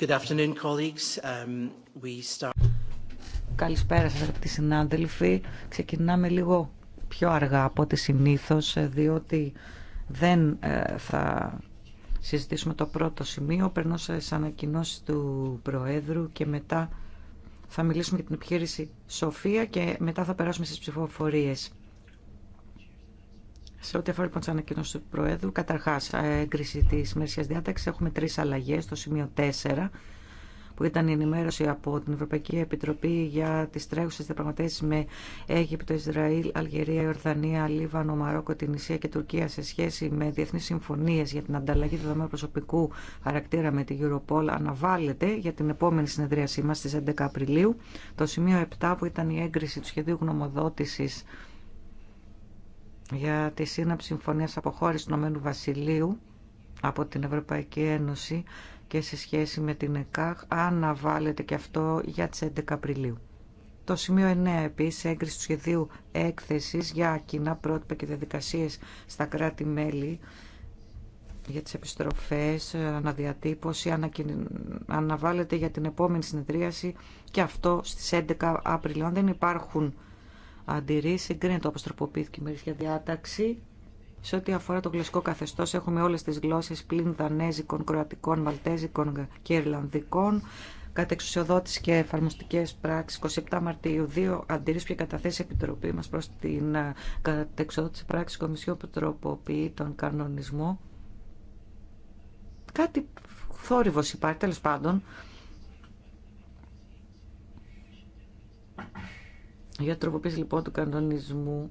Um, Καλησπέρα σας αγαπητοί συνάδελφοι. Ξεκινάμε λίγο πιο αργά από ό,τι συνήθως, ε, διότι δεν ε, θα συζητήσουμε το πρώτο σημείο. Περνώ σε ανακοινώσει του Προέδρου και μετά θα μιλήσουμε για την επιχείρηση Σοφία και μετά θα περάσουμε στις ψηφοφορίες. Σε ό,τι αφορά λοιπόν τι ανακοινώσει του Προέδρου, καταρχά, ε, έγκριση τη ημερησία διάταξη, έχουμε τρει αλλαγέ. Το σημείο 4, που ήταν η ενημέρωση από την Ευρωπαϊκή Επιτροπή για τι τρέχουσε διαπραγματεύσει με Αίγυπτο, Ισραήλ, Αλγερία, Ιορδανία, Λίβανο, Μαρόκο, την Ισία και Τουρκία σε σχέση με διεθνεί συμφωνίε για την ανταλλαγή δεδομένων προσωπικού χαρακτήρα με την Europol, αναβάλλεται για την επόμενη συνεδρίασή μα στι 11 Απριλίου. Το σημείο 7, που ήταν η έγκριση του σχεδίου γνωμοδότηση για τη σύναψη συμφωνίας αποχώρησης του Ηνωμένου Βασιλείου από την Ευρωπαϊκή Ένωση και σε σχέση με την ΕΚΑΧ αναβάλλεται και αυτό για τις 11 Απριλίου. Το σημείο 9 επίσης έγκριση του σχεδίου έκθεσης για κοινά πρότυπα και διαδικασίες στα κράτη-μέλη για τις επιστροφές, αναδιατύπωση, αναβάλλεται για την επόμενη συνεδρίαση και αυτό στις 11 Απριλίου. Αν δεν υπάρχουν αντιρρήσει. Εγκρίνεται όπω τροποποιήθηκε η μερίσια διάταξη. Σε ό,τι αφορά το γλωσσικό καθεστώ, έχουμε όλε τι γλώσσε πλην δανέζικων, κροατικών, μαλτέζικων και ιρλανδικών. Κατά εξουσιοδότηση και εφαρμοστικέ πράξει, 27 Μαρτίου, 2 αντιρρήσει και καταθέσει επιτροπή μα προ την ε, κατά εξουσιοδότηση πράξη Κομισιού που τροποποιεί τον κανονισμό. Κάτι θόρυβο υπάρχει, τέλο πάντων για τροποποίηση λοιπόν του κανονισμού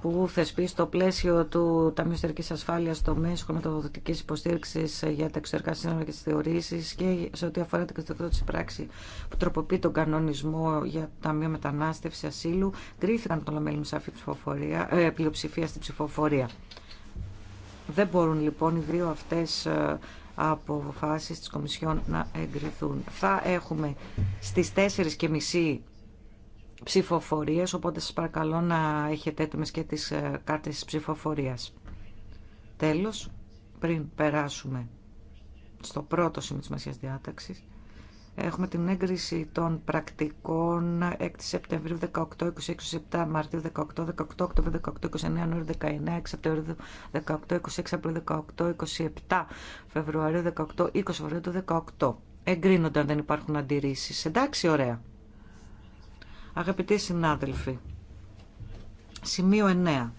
που θεσπεί στο πλαίσιο του Ταμείου Ιστορική Ασφάλεια μέσο χρηματοδοτική υποστήριξη για τα εξωτερικά σύνορα και τι θεωρήσει και σε ό,τι αφορά την κατεξοδότηση πράξη που τροποποιεί τον κανονισμό για το Ταμείο Μετανάστευση Ασύλου, κρίθηκαν το λαμέλι σε σαφή ε, πλειοψηφία στην ψηφοφορία. Δεν μπορούν λοιπόν οι δύο αυτέ ε, αποφάσεις της Κομισιόν να εγκριθούν. Θα έχουμε στις 4.30 ψηφοφορίες, οπότε σας παρακαλώ να έχετε έτοιμες και τις ε, κάρτες της ψηφοφορίας. Τέλος, πριν περάσουμε στο πρώτο σημείο της μασιάς διάταξης, Έχουμε την έγκριση των πρακτικών 6 Σεπτεμβρίου 18, 26, 27 Μαρτίου 18, 18 Οκτωβρίου 18, 29 Ιανουαρίου 19, 6 Σεπτεμβρίου 18, 26 Απριλίου 18, 27 Φεβρουαρίου 18, 20 Φεβρουαρίου 18. Εγκρίνονται αν δεν υπάρχουν αντιρρήσει. Εντάξει, ωραία. Αγαπητοί συνάδελφοι, σημείο 9.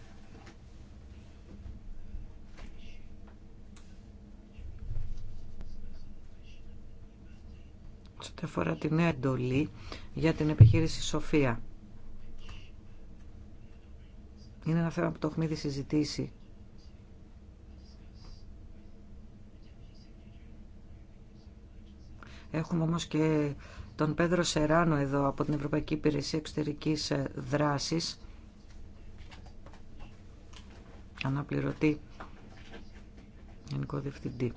ό,τι αφορά τη νέα εντολή για την επιχείρηση Σοφία. Είναι ένα θέμα που το έχουμε ήδη συζητήσει. Έχουμε όμως και τον Πέδρο Σεράνο εδώ από την Ευρωπαϊκή Υπηρεσία Εξωτερικής ε, Δράσης αναπληρωτή Γενικό Διευθυντή.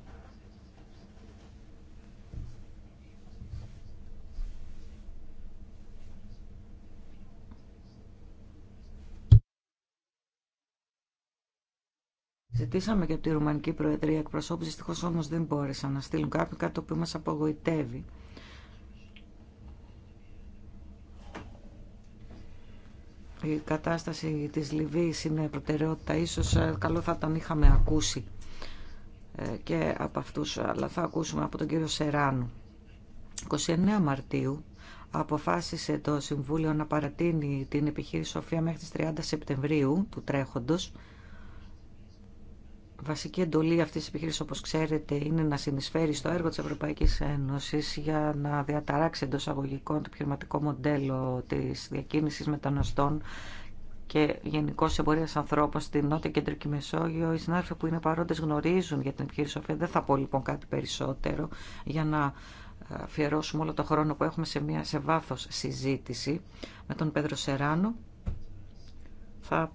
Ζητήσαμε και από τη Ρουμανική Προεδρία εκπροσώπους, δυστυχώ όμω δεν μπόρεσαν να στείλουν κάποιον, κάτι το οποίο μα απογοητεύει. Η κατάσταση της Λιβύης είναι προτεραιότητα, ίσως ε, καλό θα τον είχαμε ακούσει ε, και από αυτούς, αλλά θα ακούσουμε από τον κύριο Σεράνου. 29 Μαρτίου αποφάσισε το Συμβούλιο να παρατείνει την επιχείρηση Σοφία μέχρι τις 30 Σεπτεμβρίου του τρέχοντος βασική εντολή αυτή τη επιχείρηση όπω ξέρετε, είναι να συνεισφέρει στο έργο τη Ευρωπαϊκή Ένωση για να διαταράξει εντό αγωγικών το επιχειρηματικό μοντέλο τη διακίνηση μεταναστών και γενικώ εμπορία ανθρώπων στην Νότια Κεντρική Μεσόγειο. Οι συνάδελφοι που είναι παρόντε γνωρίζουν για την επιχείρηση Δεν θα πω λοιπόν κάτι περισσότερο για να αφιερώσουμε όλο το χρόνο που έχουμε σε, μια, σε βάθος συζήτηση με τον Πέδρο Σεράνο. Θα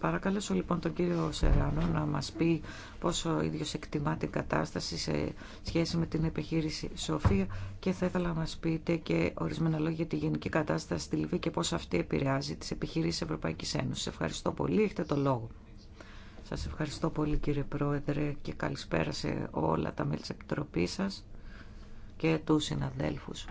Παρακαλέσω λοιπόν τον κύριο Σεράνο να μας πει πόσο ο ίδιος εκτιμά την κατάσταση σε σχέση με την επιχείρηση Σοφία και θα ήθελα να μας πείτε και ορισμένα λόγια για τη γενική κατάσταση στη Λιβύη και πώς αυτή επηρεάζει τις επιχειρήσεις Ευρωπαϊκής Ένωσης. Ευχαριστώ πολύ, έχετε το λόγο. Σας ευχαριστώ πολύ κύριε Πρόεδρε και καλησπέρα σε όλα τα μέλη της Επιτροπής σας και τους συναδέλφους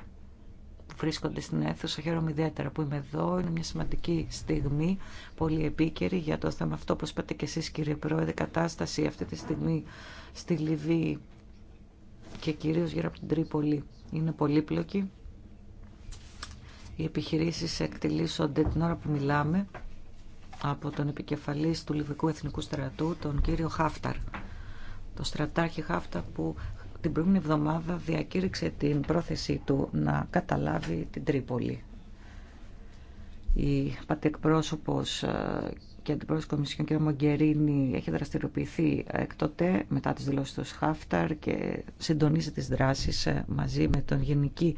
βρίσκονται στην αίθουσα. Χαίρομαι ιδιαίτερα που είμαι εδώ. Είναι μια σημαντική στιγμή, πολύ επίκαιρη για το θέμα αυτό. Όπω είπατε και εσεί κύριε Πρόεδρε, κατάσταση αυτή τη στιγμή στη Λιβύη και κυρίω γύρω από την Τρίπολη είναι πολύπλοκη. Οι επιχειρήσεις εκτελήσονται την ώρα που μιλάμε από τον επικεφαλής του Λιβυκού Εθνικού Στρατού, τον κύριο Χάφταρ. Το στρατάρχη Χάφταρ που την προηγούμενη εβδομάδα διακήρυξε την πρόθεσή του να καταλάβει την Τρίπολη. Η πατεκπρόσωπος ε, και αντιπρόεδρος Κομισιόν κ. Μογκερίνη έχει δραστηριοποιηθεί εκ τότε μετά τις δηλώσεις του Χάφταρ και συντονίζει τις δράσεις ε, μαζί με τον Γενική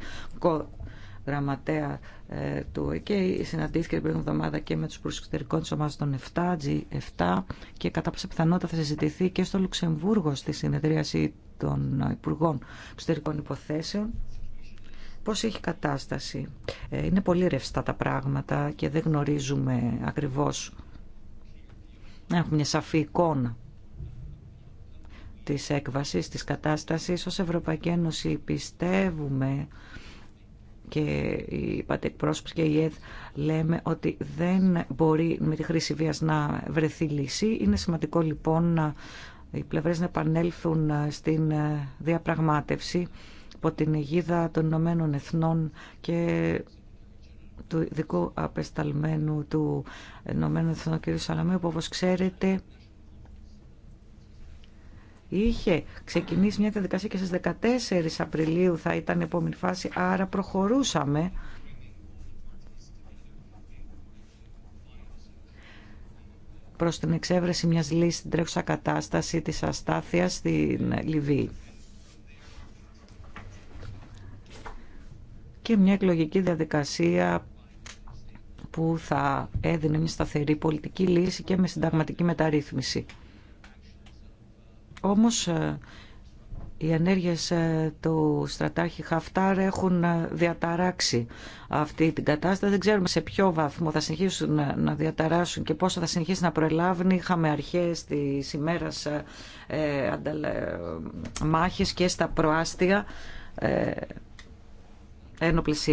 Γραμματέα ε, του ΕΚΕ. Συναντήθηκε την προηγούμενη εβδομάδα και με τους προσεξωτερικών της ομάδας των 7, G7 και κατά πιθανότητα θα συζητηθεί και στο Λουξεμβούργο στη συνεδρίαση των Υπουργών Εξωτερικών Υποθέσεων πώς έχει κατάσταση. Ε, είναι πολύ ρευστά τα πράγματα και δεν γνωρίζουμε ακριβώς. Έχουμε μια σαφή εικόνα της έκβασης, της κατάστασης. Ως Ευρωπαϊκή Ένωση πιστεύουμε και οι πρόσωποι και η ΕΔ λέμε ότι δεν μπορεί με τη χρήση βίας να βρεθεί λύση. Είναι σημαντικό λοιπόν να οι πλευρές να επανέλθουν ε, στην ε, διαπραγμάτευση υπό την αιγίδα των Ηνωμένων Εθνών και του ειδικού απεσταλμένου του Ηνωμένου Εθνών κ. Σαλαμίου που όπως ξέρετε είχε ξεκινήσει μια διαδικασία και στις 14 Απριλίου θα ήταν η επόμενη φάση άρα προχωρούσαμε προς την εξέβρεση μιας λύσης στην τρέχουσα κατάσταση της αστάθειας στην Λιβύη. Και μια εκλογική διαδικασία που θα έδινε μια σταθερή πολιτική λύση και με συνταγματική μεταρρύθμιση. Όμως ε, οι ενέργειες ε, του στρατάρχη Χαφτάρ έχουν ε, διαταράξει αυτή την κατάσταση. Δεν ξέρουμε σε ποιο βαθμό θα συνεχίσουν ε, να διαταράσουν και πόσο θα συνεχίσει να προελάβουν. Είχαμε αρχές της ημέρα ε, μάχες και στα προάστια ε, ένοπλες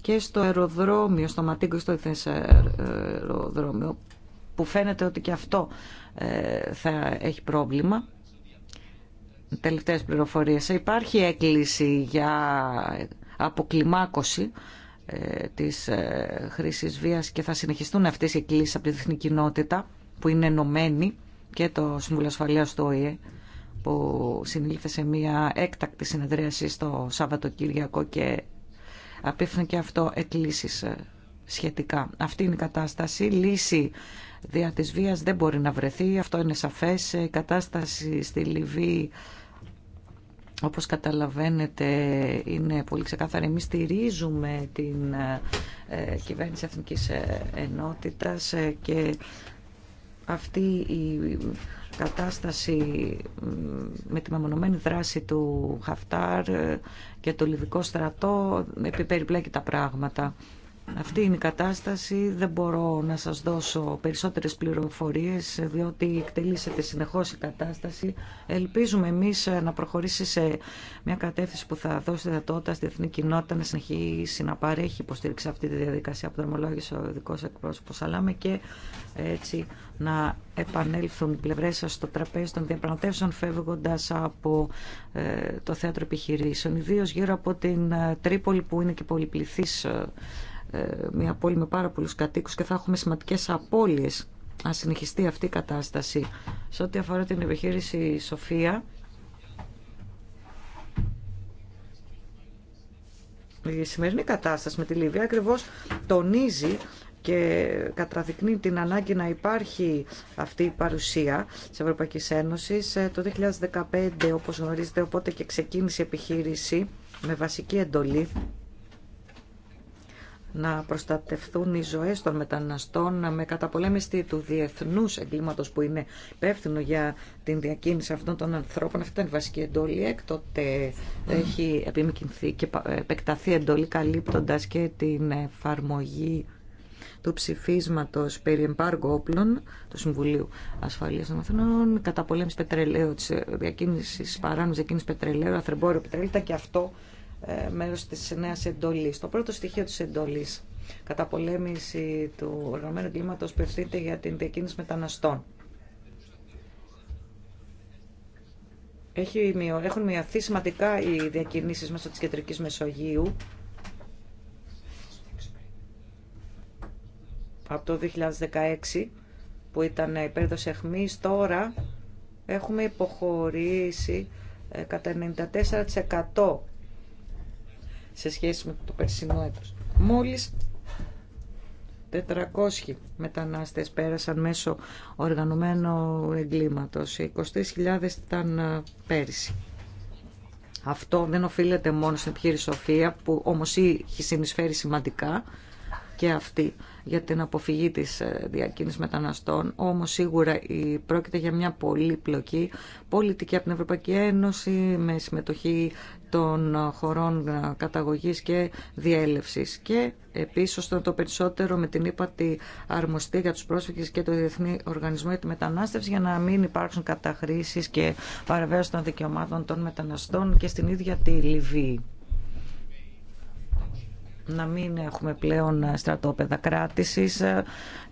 και στο αεροδρόμιο, στο Ματίγκο, στο Ιθές αεροδρόμιο που φαίνεται ότι και αυτό θα έχει πρόβλημα τελευταίες πληροφορίες. Υπάρχει έκκληση για αποκλιμάκωση ε, της ε, χρήσης βίας και θα συνεχιστούν αυτές οι εκκλήσεις από τη διεθνή κοινότητα που είναι ενωμένη και το Συμβούλιο Ασφαλείας του ΟΗΕ που συνήλθε σε μια έκτακτη συνεδρίαση στο Σάββατο Κυριακό και απίφθαν και αυτό εκκλήσεις ε, σχετικά. Αυτή είναι η κατάσταση. Λύση δια της βίας δεν μπορεί να βρεθεί. Αυτό είναι σαφές. Η κατάσταση στη Λιβύη όπως καταλαβαίνετε είναι πολύ ξεκάθαρα εμείς στηρίζουμε την ε, κυβέρνηση Εθνικής ε, Ενότητας ε, και αυτή η κατάσταση με τη μεμονωμένη δράση του Χαφτάρ και το Λιβικό στρατό επιπεριπλέκει τα πράγματα. Αυτή είναι η κατάσταση. Δεν μπορώ να σας δώσω περισσότερες πληροφορίες, διότι εκτελήσεται συνεχώς η κατάσταση. Ελπίζουμε εμείς να προχωρήσει σε μια κατεύθυνση που θα δώσει δυνατότητα στη διεθνή κοινότητα να συνεχίσει να παρέχει υποστήριξη αυτή τη διαδικασία που δρομολόγησε ο δικό εκπρόσωπο, αλλά και έτσι να επανέλθουν οι πλευρέ σα στο τραπέζι των διαπραγματεύσεων, φεύγοντα από ε, το θέατρο επιχειρήσεων, ιδίω γύρω από την ε, Τρίπολη που είναι και πολυπληθή ε, ε, μια πόλη με πάρα πολλούς κατοίκους και θα έχουμε σημαντικές απώλειες αν συνεχιστεί αυτή η κατάσταση. Σε ό,τι αφορά την επιχείρηση Σοφία, η σημερινή κατάσταση με τη Λιβύα ακριβώς τονίζει και καταδεικνύει την ανάγκη να υπάρχει αυτή η παρουσία της Ευρωπαϊκής Ένωσης. Ε, το 2015, όπως γνωρίζετε, οπότε και ξεκίνησε η επιχείρηση με βασική εντολή να προστατευθούν οι ζωέ των μεταναστών με καταπολέμηση του διεθνού εγκλήματο που είναι υπεύθυνο για την διακίνηση αυτών των ανθρώπων. Αυτή ήταν η βασική εντολή. Έκτοτε έχει επιμηκυνθεί και επεκταθεί εντολή καλύπτοντα και την εφαρμογή του ψηφίσματο περί εμπάργου όπλων του Συμβουλίου Ασφάλεια των Αθηνών, καταπολέμηση πετρελαίου, της διακίνησης, παράνομη διακίνησης πετρελαίου, αθρεμπόριο πετρελαίου, και αυτό ε, μέρος της νέας εντολής. Το πρώτο στοιχείο της εντολής, πολέμηση του οργανωμένου κλίματος που για την διακίνηση μεταναστών. Έχουν μειωθεί σημαντικά οι διακινήσεις μέσω της κεντρικής Μεσογείου. Από το 2016 που ήταν η αιχμής. τώρα έχουμε υποχωρήσει ε, κατά 94% σε σχέση με το περσινό έτος. Μόλις 400 μετανάστες πέρασαν μέσω οργανωμένου εγκλήματος. 23.000 ήταν ε, πέρυσι. Αυτό δεν οφείλεται μόνο στην επιχείρηση Σοφία, που όμως έχει συνεισφέρει σημαντικά και αυτή για την αποφυγή της ε, διακίνησης μεταναστών. Όμως σίγουρα πρόκειται για μια πολύπλοκη πολιτική από την Ευρωπαϊκή Ένωση με συμμετοχή των χωρών καταγωγής και διέλευσης και επίσης το περισσότερο με την ύπατη αρμοστή για τους πρόσφυγες και το Διεθνή Οργανισμό για τη Μετανάστευση για να μην υπάρξουν καταχρήσεις και παραβίαση των δικαιωμάτων των μεταναστών και στην ίδια τη Λιβύη. Να μην έχουμε πλέον στρατόπεδα κράτησης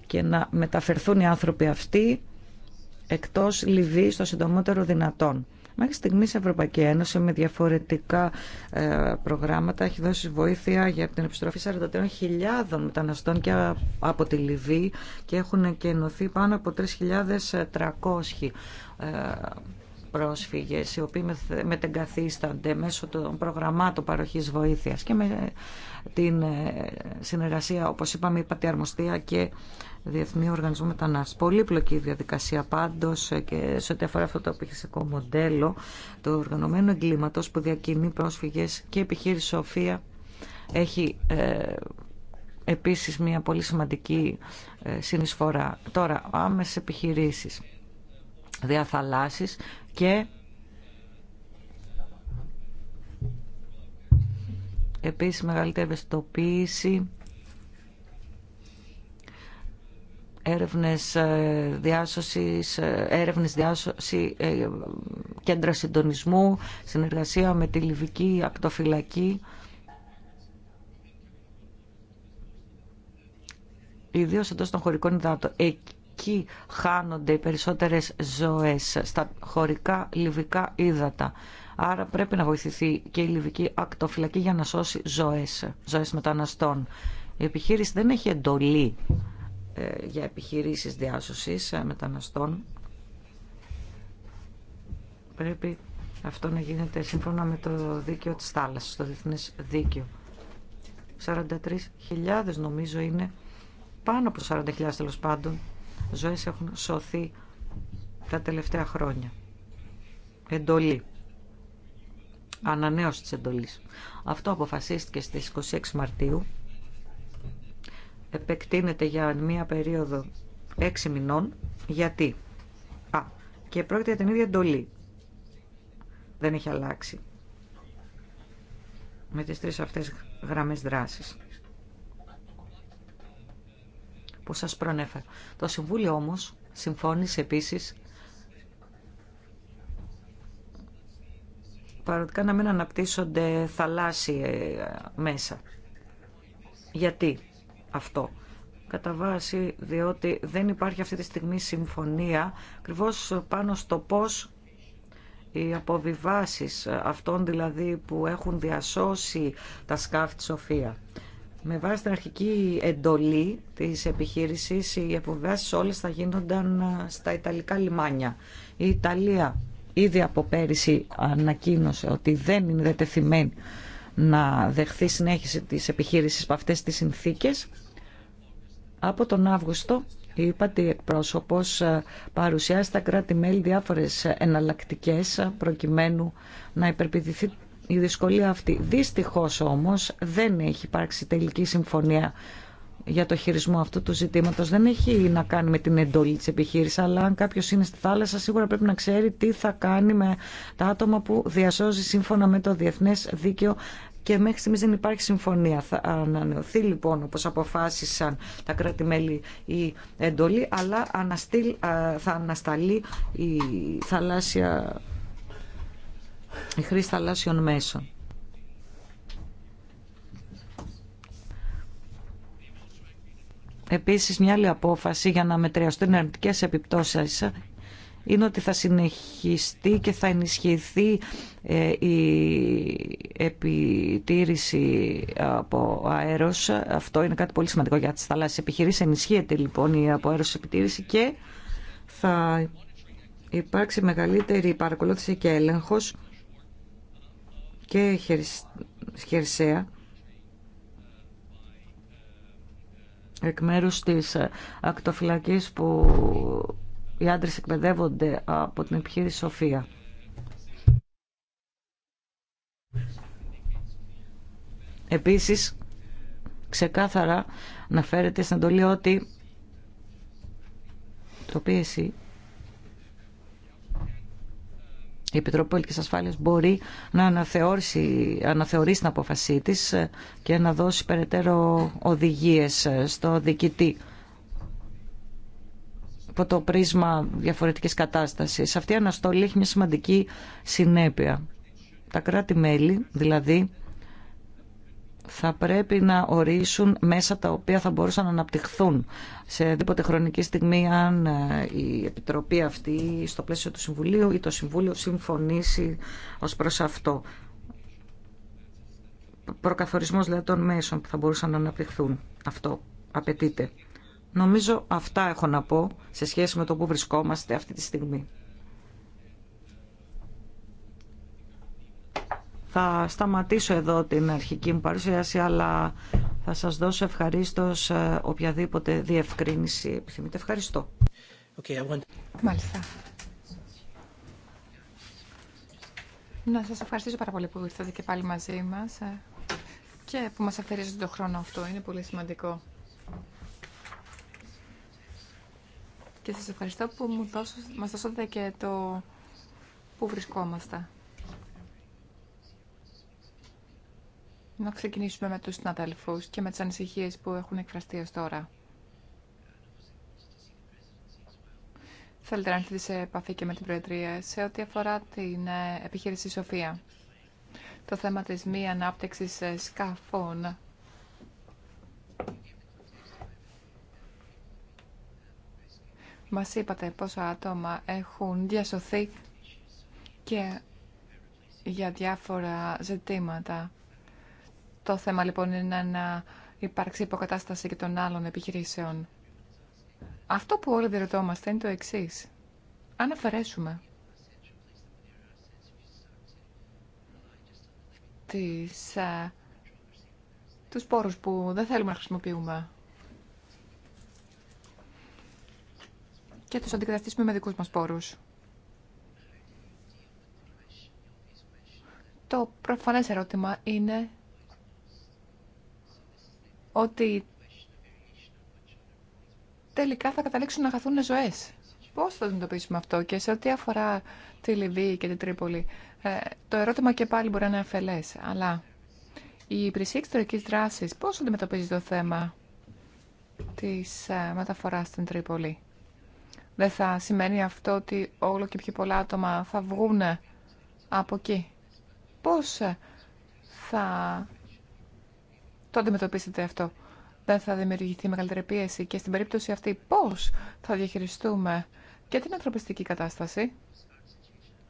και να μεταφερθούν οι άνθρωποι αυτοί εκτός Λιβύης το συντομότερο δυνατόν. Μέχρι στιγμής η Ευρωπαϊκή Ένωση με διαφορετικά ε, προγράμματα έχει δώσει βοήθεια για την επιστροφή 43.000 μεταναστών και από τη Λιβύη και έχουν κενωθεί πάνω από 3.300 ε, πρόσφυγες οι οποίοι μετεγκαθίστανται μέσω των προγραμμάτων παροχής βοήθειας και με την ε, συνεργασία όπως είπαμε η Πατιαρμοστία και Διεθνή Οργανισμό Μετανάστευση. Πολύπλοκη διαδικασία πάντω και σε ό,τι αφορά αυτό το επιχειρησιακό μοντέλο του οργανωμένου εγκλήματο που διακινεί πρόσφυγε και επιχείρηση Σοφία έχει ε, επίσης μια πολύ σημαντική ε, συνεισφορά. Τώρα, άμεσε επιχειρήσεις, διαθαλάσσει και επίσης μεγαλύτερη ευαισθητοποίηση έρευνες ε, διάσωσης, ε, έρευνες διάσωση, ε, κέντρα συντονισμού, συνεργασία με τη Λιβική Ακτοφυλακή. Ιδίω εντό των χωρικών υδάτων. Εκεί χάνονται οι περισσότερες ζωές, στα χωρικά λιβικά ύδατα. Άρα πρέπει να βοηθηθεί και η λιβική ακτοφυλακή για να σώσει ζωές, ζωές μεταναστών. Η επιχείρηση δεν έχει εντολή ε, για επιχειρήσεις διάσωσης ε, μεταναστών. Πρέπει αυτό να γίνεται σύμφωνα με το δίκαιο της θάλασσας, το διεθνές δίκαιο. 43.000 νομίζω είναι, πάνω από 40.000 τέλο πάντων, ζωές έχουν σωθεί τα τελευταία χρόνια. Εντολή. Ανανέωση της εντολής. Αυτό αποφασίστηκε στις 26 Μαρτίου επεκτείνεται για μία περίοδο 6 μηνών. Γιατί. Α, και πρόκειται για την ίδια εντολή. Δεν έχει αλλάξει. Με τις τρεις αυτές γραμμές δράσης που σας προνέφερα. Το Συμβούλιο όμως συμφώνησε επίσης παροδικά να μην αναπτύσσονται θαλάσσιες μέσα. Γιατί αυτό. Κατά βάση, διότι δεν υπάρχει αυτή τη στιγμή συμφωνία ακριβώ πάνω στο πώς οι αποβιβάσεις αυτών δηλαδή που έχουν διασώσει τα σκάφη της Σοφία. Με βάση την αρχική εντολή της επιχείρησης, οι αποβιβάσει όλες θα γίνονταν στα Ιταλικά λιμάνια. Η Ιταλία ήδη από πέρυσι ανακοίνωσε ότι δεν είναι δετεθειμένη να δεχθεί συνέχιση της επιχείρησης από αυτές τις συνθήκες από τον Αύγουστο, είπατε εκπρόσωπο ε, παρουσιάζει στα κράτη-μέλη διάφορες εναλλακτικές προκειμένου να υπερπηδηθεί η δυσκολία αυτή. Δυστυχώς όμως δεν έχει υπάρξει τελική συμφωνία για το χειρισμό αυτού του ζητήματο δεν έχει να κάνει με την εντολή τη επιχείρηση, αλλά αν κάποιο είναι στη θάλασσα, σίγουρα πρέπει να ξέρει τι θα κάνει με τα άτομα που διασώζει σύμφωνα με το διεθνέ δίκαιο και μέχρι στιγμής δεν υπάρχει συμφωνία. Θα ανανεωθεί λοιπόν όπως αποφάσισαν τα κράτη-μέλη η εντολή αλλά θα ανασταλεί η, θαλάσσια, η χρήση θαλάσσιων μέσων. Επίσης μια άλλη απόφαση για να μετριαστούν αρνητικές επιπτώσεις είναι ότι θα συνεχιστεί και θα ενισχυθεί ε, η επιτήρηση από αέρος. Αυτό είναι κάτι πολύ σημαντικό για τις θαλάσσιες επιχειρήσεις. Ενισχύεται λοιπόν η από αέρος επιτήρηση και θα υπάρξει μεγαλύτερη παρακολούθηση και έλεγχος και χερσαία εκ μέρους της ακτοφυλακής που οι άντρε εκπαιδεύονται από την επιχείρηση Σοφία. Επίσης, ξεκάθαρα αναφέρεται στην εντολή ότι το πίεση η Επιτροπή Πολιτικής Ασφάλειας μπορεί να αναθεωρήσει, αναθεωρήσει την απόφασή της και να δώσει περαιτέρω οδηγίες στο διοικητή υπό το πρίσμα διαφορετικής κατάστασης. Αυτή η αναστολή έχει μια σημαντική συνέπεια. Τα κράτη-μέλη, δηλαδή, θα πρέπει να ορίσουν μέσα τα οποία θα μπορούσαν να αναπτυχθούν σε δίποτε χρονική στιγμή αν ε, η Επιτροπή αυτή στο πλαίσιο του Συμβουλίου ή το Συμβούλιο συμφωνήσει ως προς αυτό. Προκαθορισμός δηλαδή των μέσων που θα μπορούσαν να αναπτυχθούν. Αυτό απαιτείται. Νομίζω αυτά έχω να πω σε σχέση με το που βρισκόμαστε αυτή τη στιγμή. Θα σταματήσω εδώ την αρχική μου παρουσίαση, αλλά θα σας δώσω ευχαρίστως ε, οποιαδήποτε διευκρίνηση επιθυμείτε. Ευχαριστώ. Okay, Μάλιστα. Να σας ευχαριστήσω πάρα πολύ που ήρθατε και πάλι μαζί μας ε, και που μας αφαιρίζετε τον χρόνο αυτό. Είναι πολύ σημαντικό. και σας ευχαριστώ που μου δώσω, μας δώσατε και το που βρισκόμαστε. Να ξεκινήσουμε με τους συναδέλφους και με τις ανησυχίες που έχουν εκφραστεί ως τώρα. Θέλετε να έρθετε σε επαφή και με την Προεδρία σε ό,τι αφορά την ε, επιχείρηση Σοφία. Το θέμα της μη ανάπτυξης ε, σκαφών Μας είπατε πόσα άτομα έχουν διασωθεί και για διάφορα ζητήματα. Το θέμα λοιπόν είναι να υπάρξει υποκατάσταση και των άλλων επιχειρήσεων. Αυτό που όλοι διερωτώμαστε είναι το εξή. Αν αφαιρέσουμε τις, α, ε, τους πόρους που δεν θέλουμε να χρησιμοποιούμε και τους αντικαταστήσουμε με δικούς μας πόρους. Το προφανές ερώτημα είναι ότι τελικά θα καταλήξουν να χαθούν ζωές. Πώς θα το αντιμετωπίσουμε αυτό και σε ό,τι αφορά τη Λιβύη και την Τρίπολη. Ε, το ερώτημα και πάλι μπορεί να είναι αφελές, αλλά η υπηρεσία εξωτερικής δράσης πώς αντιμετωπίζει το θέμα της ε, μεταφοράς στην Τρίπολη δεν θα σημαίνει αυτό ότι όλο και πιο πολλά άτομα θα βγουν από εκεί. Πώς θα το αντιμετωπίσετε αυτό. Δεν θα δημιουργηθεί μεγαλύτερη πίεση και στην περίπτωση αυτή πώς θα διαχειριστούμε και την ανθρωπιστική κατάσταση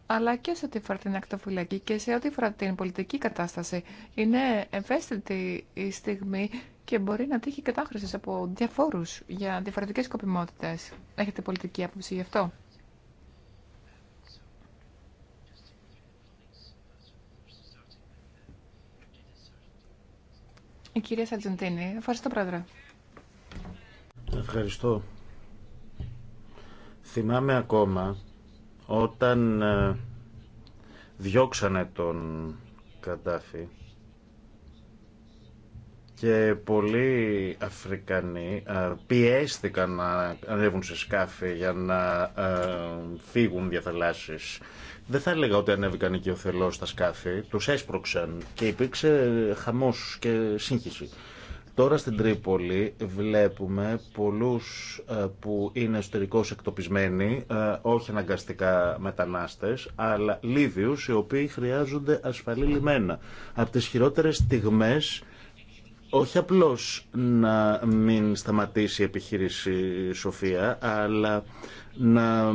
αλλά και σε ό,τι αφορά την ακτοφυλακή και σε ό,τι αφορά την πολιτική κατάσταση. Είναι ευαίσθητη η στιγμή και μπορεί να τύχει κατάχρηση από διαφόρους για διαφορετικές σκοπιμότητες. Έχετε πολιτική άποψη γι' αυτό. Η κυρία Σαρτζεντίνη. Ευχαριστώ, Πρόεδρε. Ευχαριστώ. Θυμάμαι ακόμα όταν ε, διώξανε τον Καντάφη και πολλοί Αφρικανοί ε, πιέστηκαν να ανέβουν σε σκάφη για να ε, φύγουν διαθαλάσσεις. Δεν θα έλεγα ότι ανέβηκαν εκεί ο θελός στα σκάφη, τους έσπρωξαν και υπήρξε χαμός και σύγχυση. Τώρα στην Τρίπολη βλέπουμε πολλούς ε, που είναι εσωτερικώς εκτοπισμένοι, όχι αναγκαστικά μετανάστες, αλλά Λίβιους οι οποίοι χρειάζονται ασφαλή λιμένα. Από τις χειρότερες στιγμές όχι απλώς να μην σταματήσει η επιχείρηση Σοφία, αλλά να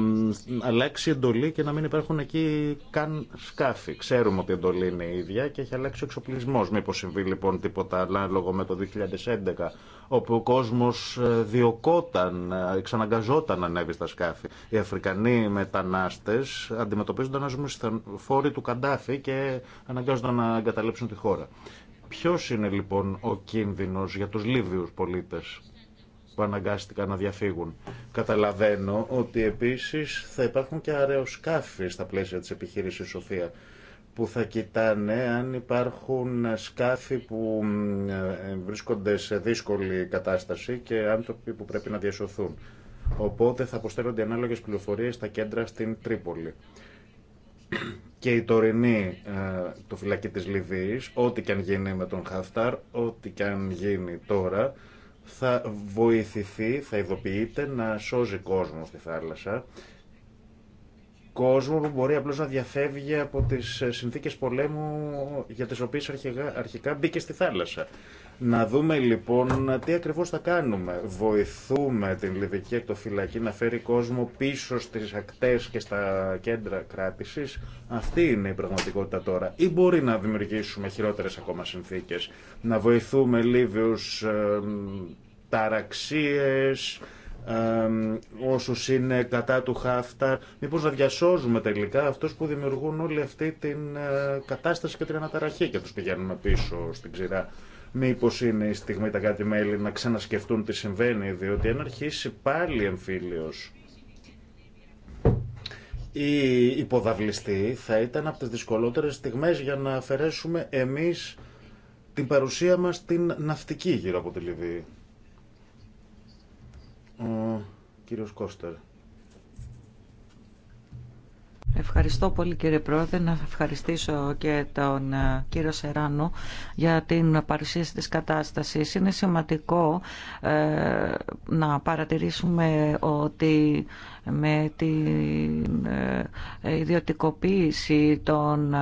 αλλάξει εντολή και να μην υπάρχουν εκεί καν σκάφη. Ξέρουμε ότι η εντολή είναι η ίδια και έχει αλλάξει ο εξοπλισμός. Μήπως συμβεί λοιπόν τίποτα ανάλογο με το 2011, όπου ο κόσμος ε, διωκόταν, ε, εξαναγκαζόταν να ανέβει στα σκάφη. Οι Αφρικανοί μετανάστες αντιμετωπίζονταν ως φόρη του Καντάφη και αναγκάζονταν να εγκαταλείψουν τη χώρα. Ποιος είναι λοιπόν ο κίνδυνος για τους Λίβιους πολίτες που αναγκάστηκαν να διαφύγουν. Καταλαβαίνω ότι επίσης θα υπάρχουν και αρεοσκάφη στα πλαίσια της επιχείρησης Σοφία που θα κοιτάνε αν υπάρχουν σκάφη που ε, βρίσκονται σε δύσκολη κατάσταση και άνθρωποι που πρέπει να διασωθούν. Οπότε θα αποστέλλονται ανάλογες πληροφορίες στα κέντρα στην Τρίπολη και η τωρινή ε, το φυλακή της Λιβύης, ό,τι και αν γίνει με τον Χαφτάρ, ό,τι και αν γίνει τώρα, θα βοηθηθεί, θα ειδοποιείται να σώζει κόσμο στη θάλασσα. Κόσμο που μπορεί απλώς να διαφεύγει από τις συνθήκες πολέμου για τις οποίες αρχικά, αρχικά μπήκε στη θάλασσα. Να δούμε λοιπόν τι ακριβώς θα κάνουμε. Βοηθούμε την Λιβική Εκτοφυλακή να φέρει κόσμο πίσω στις ακτές και στα κέντρα κράτησης. Αυτή είναι η πραγματικότητα τώρα. Ή μπορεί να δημιουργήσουμε χειρότερες ακόμα συνθήκες. Να βοηθούμε Λίβιους ε, ταραξίες, όσους είναι κατά του Χάφταρ. Μήπως να διασώζουμε τελικά αυτούς που δημιουργούν όλη αυτή την ε, κατάσταση και την αναταραχή και τους πηγαίνουμε πίσω στην ξηρά. Μήπω είναι η στιγμή τα κάτι μέλη να ξανασκεφτούν τι συμβαίνει, διότι αν αρχίσει πάλι εμφύλιο ή υποδαβλιστή, θα ήταν από τι δυσκολότερε στιγμέ για να αφαιρέσουμε εμεί την παρουσία μας την ναυτική γύρω από τη Λιβύη. Ο κύριος Κώστερ. Ευχαριστώ πολύ κύριε Πρόεδρε. Να ευχαριστήσω και τον ε, κύριο Σεράνο για την παρουσίαση της κατάστασης. Είναι σημαντικό ε, να παρατηρήσουμε ότι με την ε, ιδιωτικοποίηση των ε,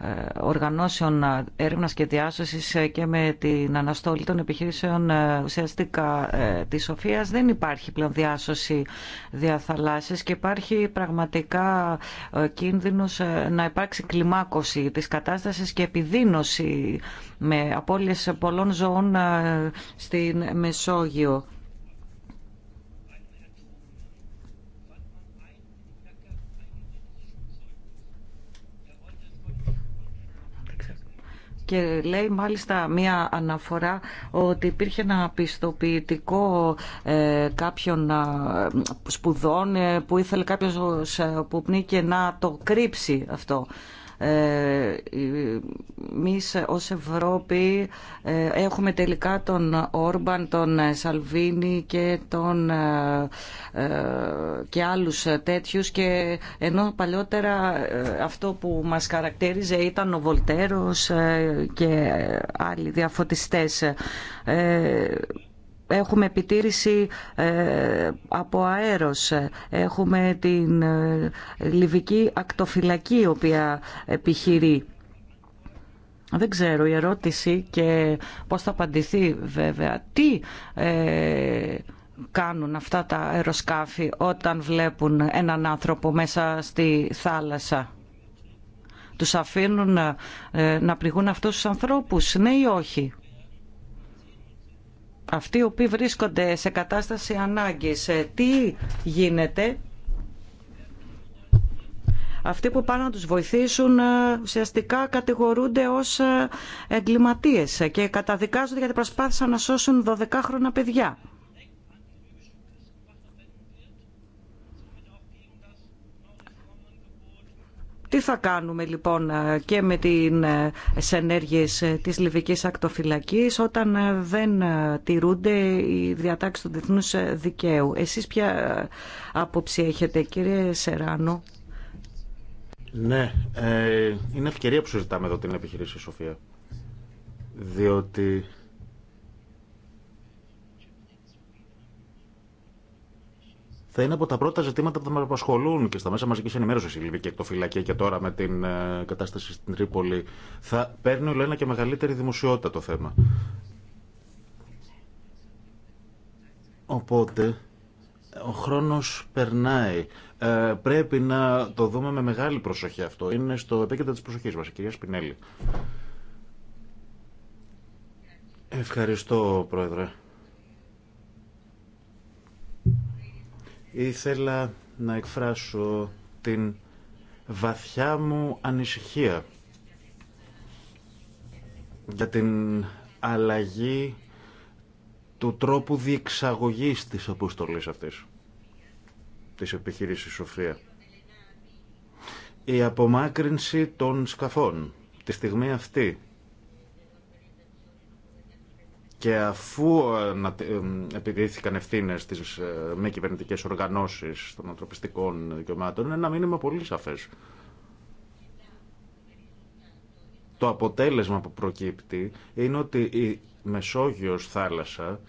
ε, οργανώσεων έρευνας και διάσωσης και με την αναστολή των επιχειρήσεων ουσιαστικά της Σοφίας δεν υπάρχει πλέον διάσωση διαθαλάσσης και υπάρχει πραγματικά κίνδυνος να υπάρξει κλιμάκωση της κατάστασης και επιδίνωση με απώλειες πολλών ζωών στην Μεσόγειο. και λέει μάλιστα μία αναφορά ότι υπήρχε ένα πιστοποιητικό ε, κάποιων ε, σπουδών ε, που ήθελε κάποιος που πνίκε να το κρύψει αυτό. Ε, Εμεί ως Ευρώπη ε, έχουμε τελικά τον Όρμπαν, τον Σαλβίνη και, τον, ε, και άλλους τέτοιους και ενώ παλιότερα αυτό που μας χαρακτήριζε ήταν ο Βολτέρος και άλλοι διαφωτιστές Έχουμε επιτήρηση ε, από αέρος, έχουμε την ε, Λιβική ακτοφυλακή η οποία επιχειρεί. Δεν ξέρω η ερώτηση και πώς θα απαντηθεί βέβαια. Τι ε, κάνουν αυτά τα αεροσκάφη όταν βλέπουν έναν άνθρωπο μέσα στη θάλασσα. Τους αφήνουν να πληγούν αυτούς τους ανθρώπους, ναι ή όχι αυτοί οι οποίοι βρίσκονται σε κατάσταση ανάγκης, ε, τι γίνεται, αυτοί που πάνε να τους βοηθήσουν ε, ουσιαστικά κατηγορούνται ως ε, εγκληματίες και καταδικάζονται γιατί προσπάθησαν να σώσουν 12 χρόνια παιδιά. Τι θα κάνουμε λοιπόν ε, και με τις ε, ενέργειες ε, της Λιβικής Ακτοφυλακής όταν δεν τηρούνται οι διατάξεις του διεθνούς δικαίου. Εσείς ποια άποψη έχετε κύριε Σεράνο. Ναι, είναι ευκαιρία που συζητάμε εδώ την επιχειρήση Σοφία. Διότι θα είναι από τα πρώτα ζητήματα που θα με απασχολούν και στα μέσα μαζική ενημέρωση η Λιβύη και εκτοφυλακή και τώρα με την ε, κατάσταση στην Τρίπολη. Θα παίρνει όλο και μεγαλύτερη δημοσιότητα το θέμα. Οπότε, ο χρόνος περνάει. Ε, πρέπει να το δούμε με μεγάλη προσοχή αυτό. Είναι στο επίκεντρο της προσοχής μας, η κυρία Σπινέλη. Ευχαριστώ, Πρόεδρε. ήθελα να εκφράσω την βαθιά μου ανησυχία για την αλλαγή του τρόπου διεξαγωγής της αποστολής αυτής, της επιχείρησης Σοφία. Η απομάκρυνση των σκαφών, τη στιγμή αυτή και αφού ε, ε, επιδίθηκαν ευθύνε στι ε, μη κυβερνητικέ οργανώσει των ανθρωπιστικών δικαιωμάτων, είναι ένα μήνυμα πολύ σαφέ. Το αποτέλεσμα που προκύπτει είναι ότι η Μεσόγειος θάλασσα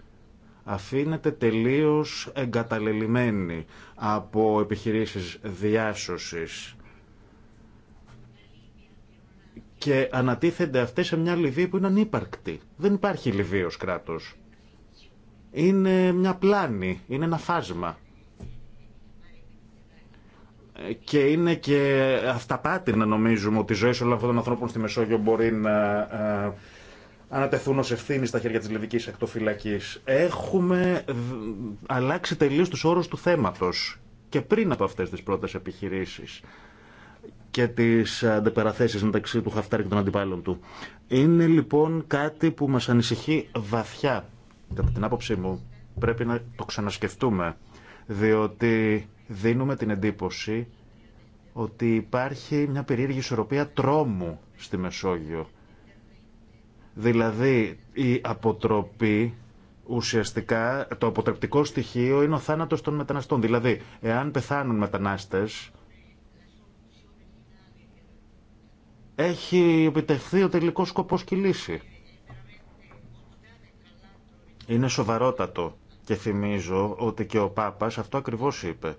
αφήνεται τελείως εγκαταλελειμμένη από επιχειρήσεις διάσωσης και ανατίθενται αυτές σε μια Λιβύη που είναι ανύπαρκτη. Δεν υπάρχει Λιβύη ως κράτος. Είναι μια πλάνη, είναι ένα φάσμα. Και είναι και αυταπάτη να νομίζουμε ότι οι ζωές όλων αυτών των ανθρώπων στη Μεσόγειο μπορεί να ανατεθούν ως ευθύνη στα χέρια της Λιβυκής Ακτοφυλακής. Έχουμε αλλάξει τελείως τους όρους του θέματος και πριν από αυτές τις πρώτες επιχειρήσεις και τις αντεπεραθέσει μεταξύ του Χαφτάρ και των αντιπάλων του. Είναι λοιπόν κάτι που μας ανησυχεί βαθιά. Κατά την άποψή μου πρέπει να το ξανασκεφτούμε, διότι δίνουμε την εντύπωση ότι υπάρχει μια περίεργη ισορροπία τρόμου στη Μεσόγειο. Δηλαδή η αποτροπή ουσιαστικά το αποτρεπτικό στοιχείο είναι ο θάνατος των μεταναστών. Δηλαδή, εάν πεθάνουν μετανάστες, έχει επιτευχθεί ο τελικός σκοπός και η λύση. Είναι σοβαρότατο και θυμίζω ότι και ο Πάπας αυτό ακριβώς είπε.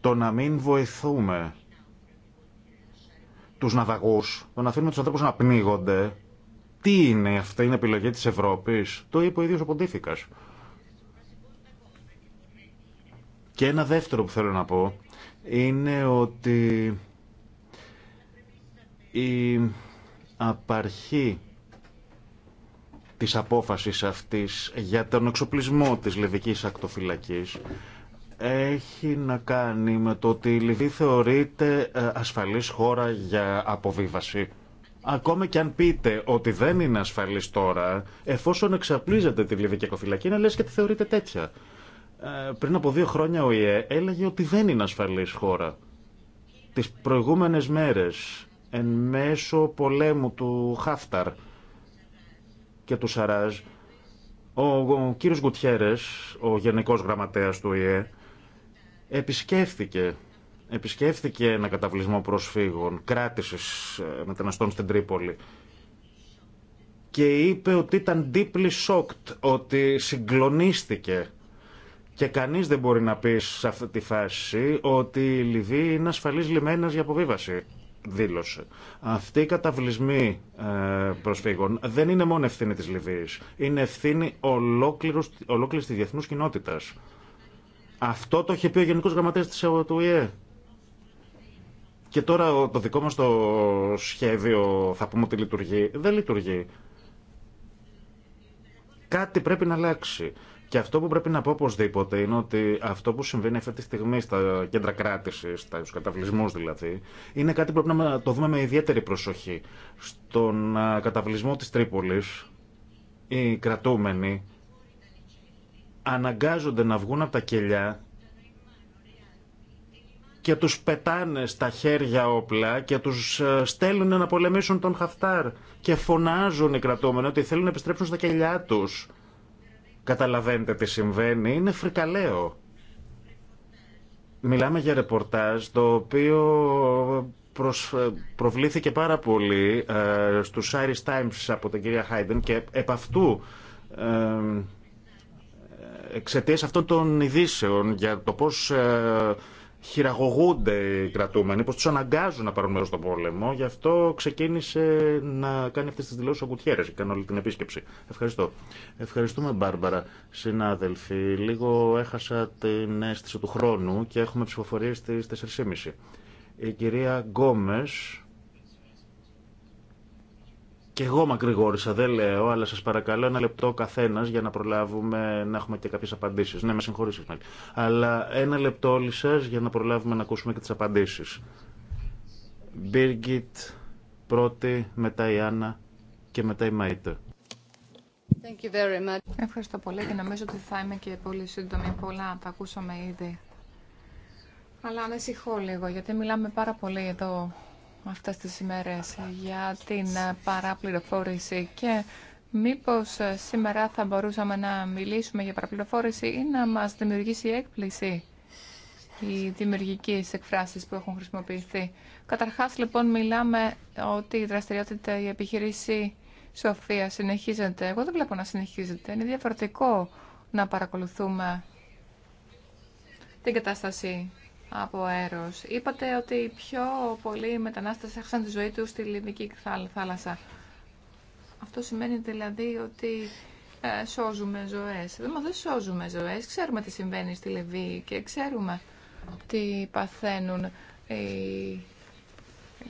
Το να μην βοηθούμε τους ναυαγούς, το να αφήνουμε τους ανθρώπους να πνίγονται, τι είναι αυτή, είναι επιλογή της Ευρώπης, το είπε ο ίδιος ο Ποντίφικας. Και ένα δεύτερο που θέλω να πω είναι ότι η απαρχή της απόφασης αυτής για τον εξοπλισμό της Λιβικής Ακτοφυλακής έχει να κάνει με το ότι η Λιβύη θεωρείται ε, ασφαλής χώρα για αποβίβαση. Ακόμα και αν πείτε ότι δεν είναι ασφαλής τώρα, εφόσον εξαπλίζεται τη Λιβύη Ακτοφυλακή, να λες και τη θεωρείται τέτοια. Ε, πριν από δύο χρόνια ο ΙΕ έλεγε ότι δεν είναι ασφαλής χώρα. Τις προηγούμενες μέρες εν μέσω πολέμου του Χάφταρ και του Σαράζ, ο κύριος Γκουτιέρες, ο γενικός γραμματέας του ΙΕ, επισκέφθηκε, επισκέφθηκε ένα καταβλισμό προσφύγων, κράτησης ε, μεταναστών στην Τρίπολη και είπε ότι ήταν deeply shocked, ότι συγκλονίστηκε και κανείς δεν μπορεί να πει σε αυτή τη φάση ότι η Λιβύη είναι ασφαλής λιμένας για αποβίβαση δήλωσε. Αυτοί οι καταβλισμοί ε, προσφύγων δεν είναι μόνο ευθύνη της Λιβύης. Είναι ευθύνη ολόκληρης της διεθνούς κοινότητας. Αυτό το είχε πει ο Γενικός Γραμματέας της ΕΟΤΟΥΙΕ. Και τώρα το δικό μας το σχέδιο θα πούμε ότι λειτουργεί. Δεν λειτουργεί. Κάτι πρέπει να αλλάξει. Και αυτό που πρέπει να πω οπωσδήποτε είναι ότι αυτό που συμβαίνει αυτή τη στιγμή στα κέντρα κράτηση, στου καταβλισμού δηλαδή, είναι κάτι που πρέπει να το δούμε με ιδιαίτερη προσοχή. Στον καταβλισμό τη Τρίπολη, οι κρατούμενοι αναγκάζονται να βγουν από τα κελιά και τους πετάνε στα χέρια όπλα και τους στέλνουν να πολεμήσουν τον Χαφτάρ και φωνάζουν οι κρατούμενοι ότι θέλουν να επιστρέψουν στα κελιά τους Καταλαβαίνετε τι συμβαίνει. Είναι φρικαλαίο. Μιλάμε για ρεπορτάζ το οποίο προβλήθηκε πάρα πολύ ε, στους Irish Times από την κυρία Χάιντεν και επ' αυτού ε, εξαιτίας αυτών των ειδήσεων για το πώς ε, χειραγωγούνται οι κρατούμενοι, πως του αναγκάζουν να πάρουν μέρο στον πόλεμο. Γι' αυτό ξεκίνησε να κάνει αυτέ τι δηλώσει ο Κουτιέρε. κάνει όλη την επίσκεψη. Ευχαριστώ. Ευχαριστούμε Μπάρμπαρα. Συνάδελφοι, λίγο έχασα την αίσθηση του χρόνου και έχουμε ψηφοφορίες στι 4.30. Η κυρία Γκόμες και εγώ μακρηγόρησα, δεν λέω, αλλά σα παρακαλώ ένα λεπτό καθένα για να προλάβουμε να έχουμε και κάποιε απαντήσει. Ναι, με συγχωρείτε, Αλλά ένα λεπτό όλοι σα για να προλάβουμε να ακούσουμε και τι απαντήσει. Μπίργκιτ, πρώτη, μετά η Άννα και μετά η Μαίτε. Ευχαριστώ πολύ και νομίζω ότι θα είμαι και πολύ σύντομη. Πολλά τα ακούσαμε ήδη. Αλλά ανησυχώ λίγο γιατί μιλάμε πάρα πολύ εδώ αυτές τις ημέρες για την ε, παραπληροφόρηση και μήπως ε, σήμερα θα μπορούσαμε να μιλήσουμε για παραπληροφόρηση ή να μας δημιουργήσει έκπληση οι δημιουργικέ εκφράσει που έχουν χρησιμοποιηθεί. Καταρχάς λοιπόν μιλάμε ότι η δραστηριότητα, η επιχειρήση Σοφία συνεχίζεται. Εγώ δεν βλέπω να συνεχίζεται. Είναι διαφορετικό να παρακολουθούμε την κατάσταση από αέρος. Είπατε ότι οι πιο πολλοί μετανάστες έχασαν τη ζωή τους στη Λιβική θάλασσα. Αυτό σημαίνει δηλαδή ότι ε, σώζουμε ζωές. Δεν, δεν σώζουμε ζωές. Ξέρουμε τι συμβαίνει στη Λιβύη και ξέρουμε τι παθαίνουν οι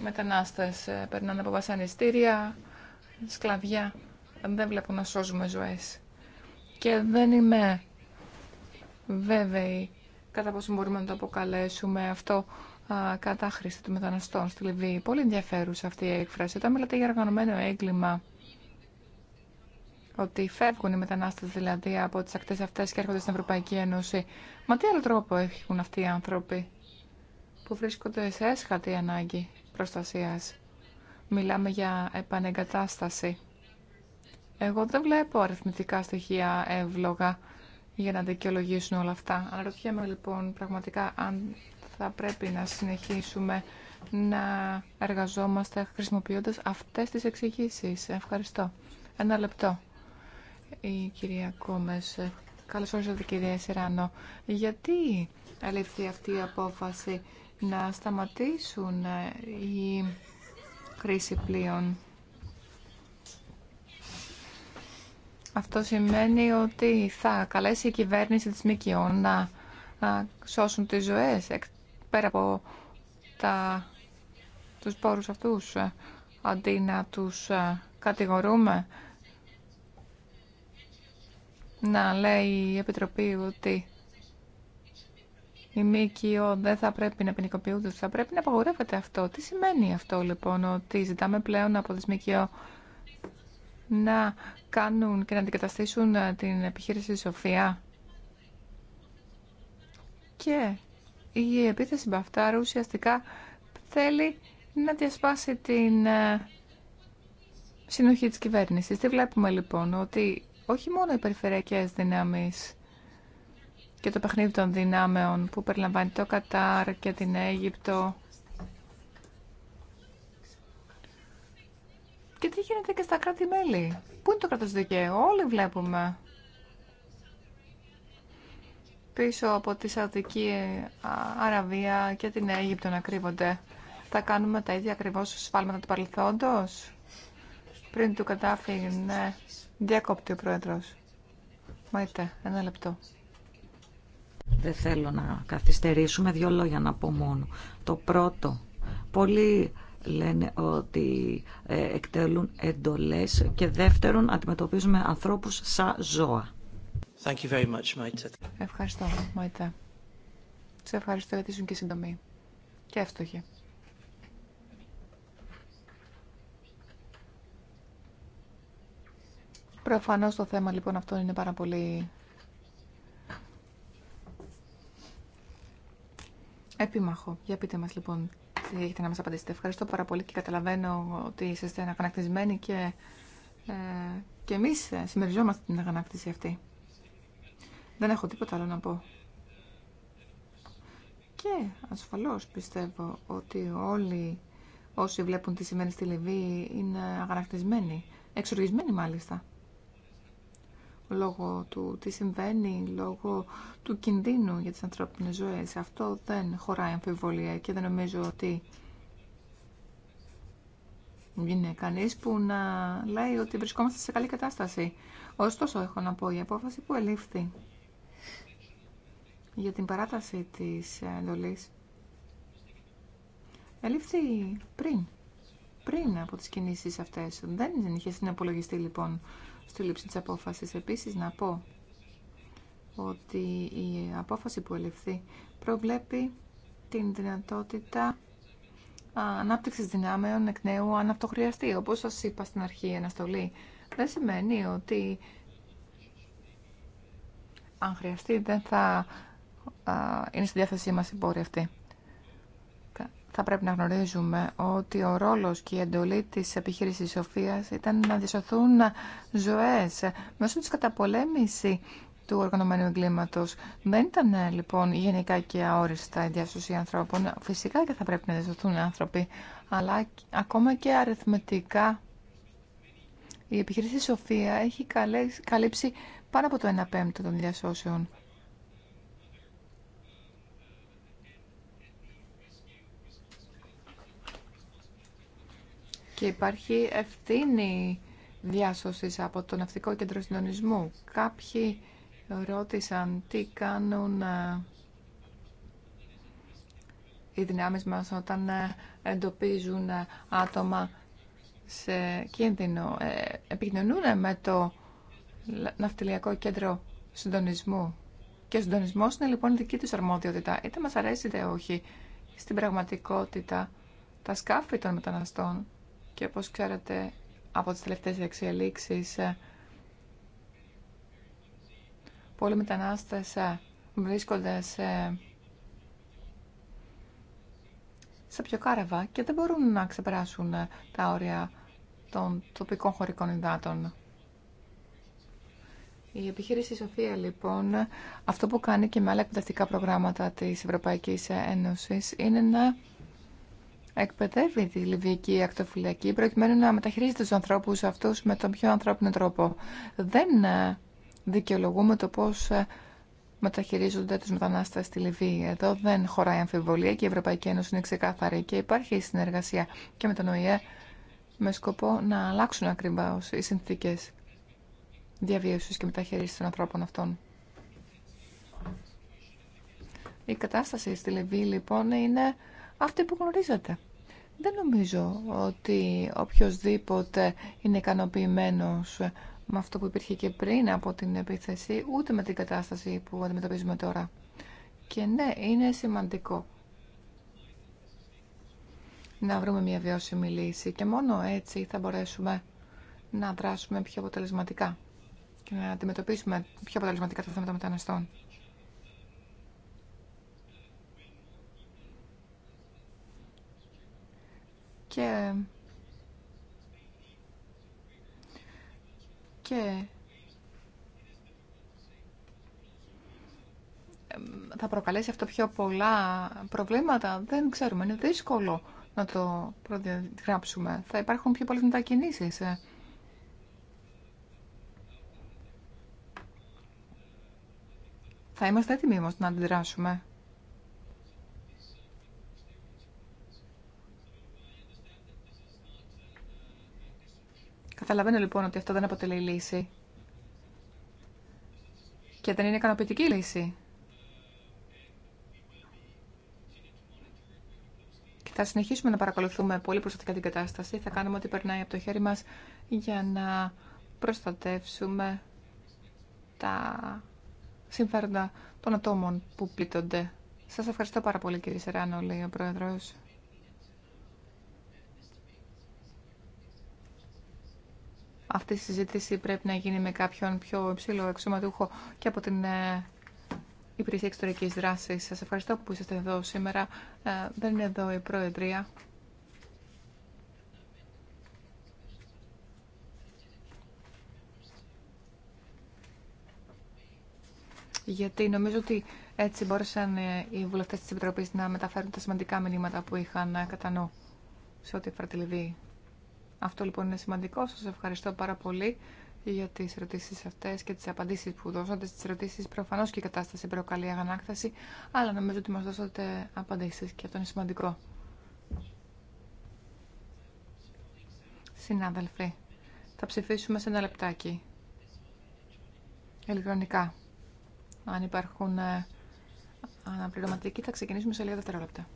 μετανάστες. Ε, περνάνε από βασανιστήρια, σκλαβιά. Δεν βλέπω να σώζουμε ζωές. Και δεν είμαι βέβαιη κατά πόσο μπορούμε να το αποκαλέσουμε αυτό κατά χρήση του μεταναστών στη Λιβύη. Πολύ ενδιαφέρουσα αυτή η έκφραση. Όταν μιλάτε για οργανωμένο έγκλημα, ότι φεύγουν οι μετανάστες δηλαδή από τις ακτές αυτές και έρχονται στην Ευρωπαϊκή Ένωση. Μα τι άλλο τρόπο έχουν αυτοί οι άνθρωποι που βρίσκονται σε έσχατη ανάγκη προστασίας. Μιλάμε για επανεγκατάσταση. Εγώ δεν βλέπω αριθμητικά στοιχεία εύλογα για να δικαιολογήσουν όλα αυτά. Αναρωτιέμαι λοιπόν πραγματικά αν θα πρέπει να συνεχίσουμε να εργαζόμαστε χρησιμοποιώντας αυτές τις εξηγήσει. Ευχαριστώ. Ένα λεπτό. Η κυρία Κόμες, καλώς όρισατε κυρία Σεράνο. Γιατί έληφθη αυτή η απόφαση να σταματήσουν ε, οι χρήση πλοίων Αυτό σημαίνει ότι θα καλέσει η κυβέρνηση της ΜΚΟ να, σώσουν τις ζωές πέρα από τα, τους πόρους αυτούς ε, αντί να τους ε, κατηγορούμε να λέει η Επιτροπή ότι η ΜΚΟ δεν θα πρέπει να ποινικοποιούνται, θα πρέπει να απαγορεύεται αυτό. Τι σημαίνει αυτό λοιπόν, ότι ζητάμε πλέον από τις ΜΚΟ να κάνουν και να αντικαταστήσουν ε, την επιχείρηση Σοφία. Και η επίθεση Μπαφτάρου ουσιαστικά θέλει να διασπάσει την ε, συνοχή της κυβέρνησης. Τι βλέπουμε λοιπόν, ότι όχι μόνο οι περιφερειακές δυνάμεις και το παιχνίδι των δυνάμεων που περιλαμβάνει το Κατάρ και την Αίγυπτο Και τι γίνεται και στα κράτη-μέλη. Πού είναι το κράτος δικαίου. Όλοι βλέπουμε πίσω από τη Σαουδική ε, Αραβία και την Αίγυπτο να κρύβονται. Θα κάνουμε τα ίδια ακριβώς σφάλματα του παρελθόντος. Πριν του κατάφυγε. ναι. Διακόπτει ο Πρόεδρος. είτε ένα λεπτό. Δεν θέλω να καθυστερήσουμε δύο λόγια να πω μόνο. Το πρώτο, πολύ λένε ότι ε, εκτελούν εντολές και δεύτερον αντιμετωπίζουμε ανθρώπους σαν ζώα. Thank you very much, Maite. Ευχαριστώ, Μαϊτά. Σε ευχαριστώ γιατί ήσουν και συντομή. Και εύστοχη. Προφανώς το θέμα λοιπόν αυτό είναι πάρα πολύ επίμαχο. Για πείτε μας λοιπόν έχετε να μας απαντήσετε. Ευχαριστώ πάρα πολύ και καταλαβαίνω ότι είστε ανακανακτισμένοι και, ε, και εμείς ε, συμμεριζόμαστε την αγανάκτηση αυτή. Δεν έχω τίποτα άλλο να πω. Και ασφαλώς πιστεύω ότι όλοι όσοι βλέπουν τι σημαίνει στη Λιβύη είναι αγανακτισμένοι, εξοργισμένοι μάλιστα λόγω του τι συμβαίνει, λόγω του κινδύνου για τις ανθρώπινες ζωές. Αυτό δεν χωράει αμφιβολία και δεν νομίζω ότι είναι κανείς που να λέει ότι βρισκόμαστε σε καλή κατάσταση. Ωστόσο, έχω να πω, η απόφαση που ελήφθη για την παράταση της εντολής ελήφθη πριν, πριν από τις κινήσεις αυτές. Δεν είχε συναπολογιστεί λοιπόν στη λήψη της απόφασης. Επίσης να πω ότι η απόφαση που ελευθεί προβλέπει την δυνατότητα ανάπτυξης δυνάμεων εκ νέου αν αυτό χρειαστεί. Όπως σας είπα στην αρχή, η αναστολή δεν σημαίνει ότι αν χρειαστεί δεν θα είναι στη διάθεσή μας η πόρη αυτή θα πρέπει να γνωρίζουμε ότι ο ρόλος και η εντολή της επιχείρησης Σοφίας ήταν να διασωθούν ζωές μέσω της καταπολέμηση του οργανωμένου εγκλήματος. Δεν ήταν ε, λοιπόν γενικά και αόριστα η διάσωση ανθρώπων. Φυσικά και θα πρέπει να διασωθούν άνθρωποι, αλλά ακόμα και αριθμητικά η επιχείρηση Σοφία έχει καλύψει πάνω από το 1 πέμπτο των διασώσεων. και υπάρχει ευθύνη διάσωσης από το Ναυτικό Κέντρο Συντονισμού. Κάποιοι ρώτησαν τι κάνουν ε, οι δυνάμεις μας όταν ε, εντοπίζουν ε, άτομα σε κίνδυνο. Επικοινωνούν με το Ναυτιλιακό Κέντρο Συντονισμού. Και ο συντονισμό είναι λοιπόν δική του αρμόδιότητα. Είτε μα αρέσει είτε όχι. Στην πραγματικότητα, τα σκάφη των μεταναστών και όπως ξέρετε από τις τελευταίες εξελίξεις, ε, πολλοί μετανάστες ε, βρίσκονται σε, σε πιο κάρεβα και δεν μπορούν να ξεπεράσουν ε, τα όρια των τοπικών χωρικών υδάτων. Η επιχείρηση Σοφία, λοιπόν, αυτό που κάνει και με άλλα εκπαιδευτικά προγράμματα της Ευρωπαϊκής Ένωσης είναι να εκπαιδεύει τη Λιβυϊκή Ακτοφυλακή προκειμένου να μεταχειρίζεται τους ανθρώπους αυτούς με τον πιο ανθρώπινο τρόπο. Δεν ε, δικαιολογούμε το πώς ε, μεταχειρίζονται τους μετανάστες στη Λιβύη. Εδώ δεν χωράει αμφιβολία και η Ευρωπαϊκή Ένωση είναι ξεκάθαρη και υπάρχει συνεργασία και με τον ΟΗΕ με σκοπό να αλλάξουν ακριβώ οι συνθήκες διαβίωσης και μεταχειρίσης των ανθρώπων αυτών. Η κατάσταση στη Λιβύη λοιπόν είναι αυτή που γνωρίζετε. Δεν νομίζω ότι οποιοδήποτε είναι ικανοποιημένο με αυτό που υπήρχε και πριν από την επίθεση, ούτε με την κατάσταση που αντιμετωπίζουμε τώρα. Και ναι, είναι σημαντικό να βρούμε μια βιώσιμη λύση και μόνο έτσι θα μπορέσουμε να δράσουμε πιο αποτελεσματικά και να αντιμετωπίσουμε πιο αποτελεσματικά τα θέματα μεταναστών. και, και θα προκαλέσει αυτό πιο πολλά προβλήματα. Δεν ξέρουμε, είναι δύσκολο να το προδιαγράψουμε. Θα υπάρχουν πιο πολλές μετακινήσεις. Θα είμαστε έτοιμοι όμως να αντιδράσουμε. Καταλαβαίνω λοιπόν ότι αυτό δεν αποτελεί λύση. Και δεν είναι ικανοποιητική λύση. Και θα συνεχίσουμε να παρακολουθούμε πολύ προσεκτικά την κατάσταση. Θα κάνουμε ό,τι περνάει από το χέρι μας για να προστατεύσουμε τα συμφέροντα των ατόμων που πλήττονται. Σας ευχαριστώ πάρα πολύ κύριε Σεράνο, λέει ο Πρόεδρος. αυτή η συζήτηση πρέπει να γίνει με κάποιον πιο υψηλό εξωματούχο και από την ε, Υπηρεσία Εξωτερικής Δράσης. Σας ευχαριστώ που είστε εδώ σήμερα. Ε, δεν είναι εδώ η Προεδρία. γιατί νομίζω ότι έτσι μπόρεσαν ε, οι βουλευτές της Επιτροπής να μεταφέρουν τα σημαντικά μηνύματα που είχαν κατά νου σε ό,τι αφορά τη Λιβύη. Αυτό λοιπόν είναι σημαντικό. Σας ευχαριστώ πάρα πολύ για τι ερωτήσει αυτέ και τις απαντήσεις που δώσατε στις ερωτήσει Προφανώς και η κατάσταση προκαλεί αγανάκταση, αλλά νομίζω ότι μα δώσατε απαντήσεις και αυτό είναι σημαντικό. Συνάδελφοι, θα ψηφίσουμε σε ένα λεπτάκι. Ελικονικά, Αν υπάρχουν ε, αναπληρωματικοί, θα ξεκινήσουμε σε λίγα δευτερόλεπτα.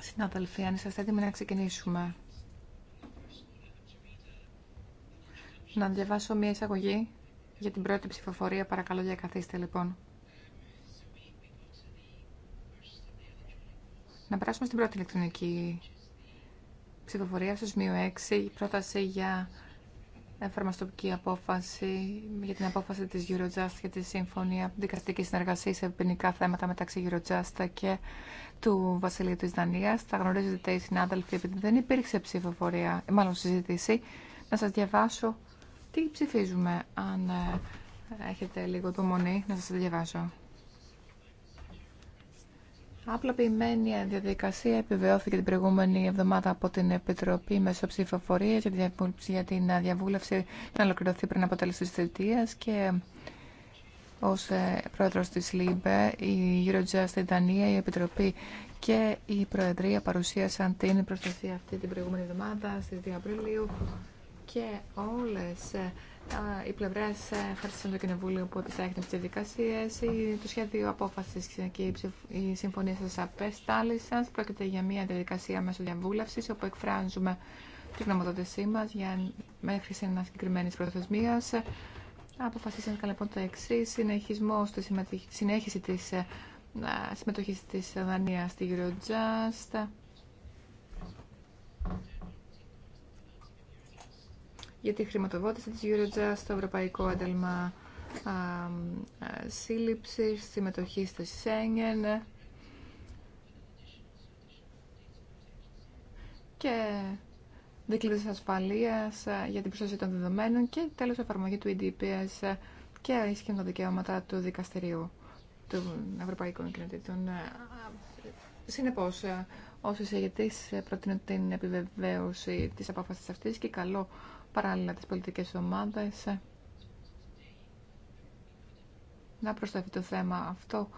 Συνάδελφοι, αν είσαστε έτοιμοι να ξεκινήσουμε. Να διαβάσω μία εισαγωγή για την πρώτη ψηφοφορία. Παρακαλώ, διακαθίστε λοιπόν. Να περάσουμε στην πρώτη ηλεκτρονική ψηφοφορία, στο σημείο 6, η πρόταση για φαρμαστοπική απόφαση για την απόφαση της Eurojust για τη Σύμφωνια Δικαστικής Συνεργασίας σε ποινικά θέματα μεταξύ Eurojust και του Βασιλείου της Δανίας. Τα γνωρίζετε οι συνάδελφοι επειδή δεν υπήρξε ψηφοφορία, ε, μάλλον συζήτηση. Να σας διαβάσω τι ψηφίζουμε αν ε, έχετε λίγο μονή, να σας διαβάσω. Απλοποιημένη διαδικασία επιβεβαιώθηκε την προηγούμενη εβδομάδα από την Επιτροπή μέσω για την διαβούλευση να ολοκληρωθεί πριν από τέλο τη θητεία και ω ε, πρόεδρο τη ΛΥΜΠΕ, η Eurojust, η Δανία, η Επιτροπή και η Προεδρία παρουσίασαν την προστασία αυτή την προηγούμενη εβδομάδα στι 2 Απριλίου και όλε. Ε, οι πλευρέ ε, ευχαριστούν το Κοινοβούλιο που επιτάχυνε τι διαδικασίε. Το σχέδιο απόφαση και η συμφωνία σα απεστάλησαν. Πρόκειται για μια διαδικασία μέσω διαβούλευση, όπου εκφράζουμε τη γνωμοδότησή μα για μέχρι σε ένα συγκεκριμένη προθεσμία. Αποφασίσαμε λοιπόν το εξή: συνεχισμό στη συνέχιση τη ε, ε, συμμετοχή τη Δανία στη Eurojust για τη χρηματοδότηση της Eurojust το Ευρωπαϊκό Ένταλμα Σύλληψη, συμμετοχή στη Σέγγεν και δικλείδες ασφαλείας για την προστασία των δεδομένων και τέλος εφαρμογή του EDPS και ίσχυν τα δικαιώματα του δικαστηρίου του Ευρωπαϊκού Κοινοτήτων. Συνεπώ, όσοι εισηγητή, ε, προτείνω την επιβεβαίωση της απόφαση αυτή και καλό παράλληλα τις πολιτικές ομάδες να προσταθεί το θέμα αυτό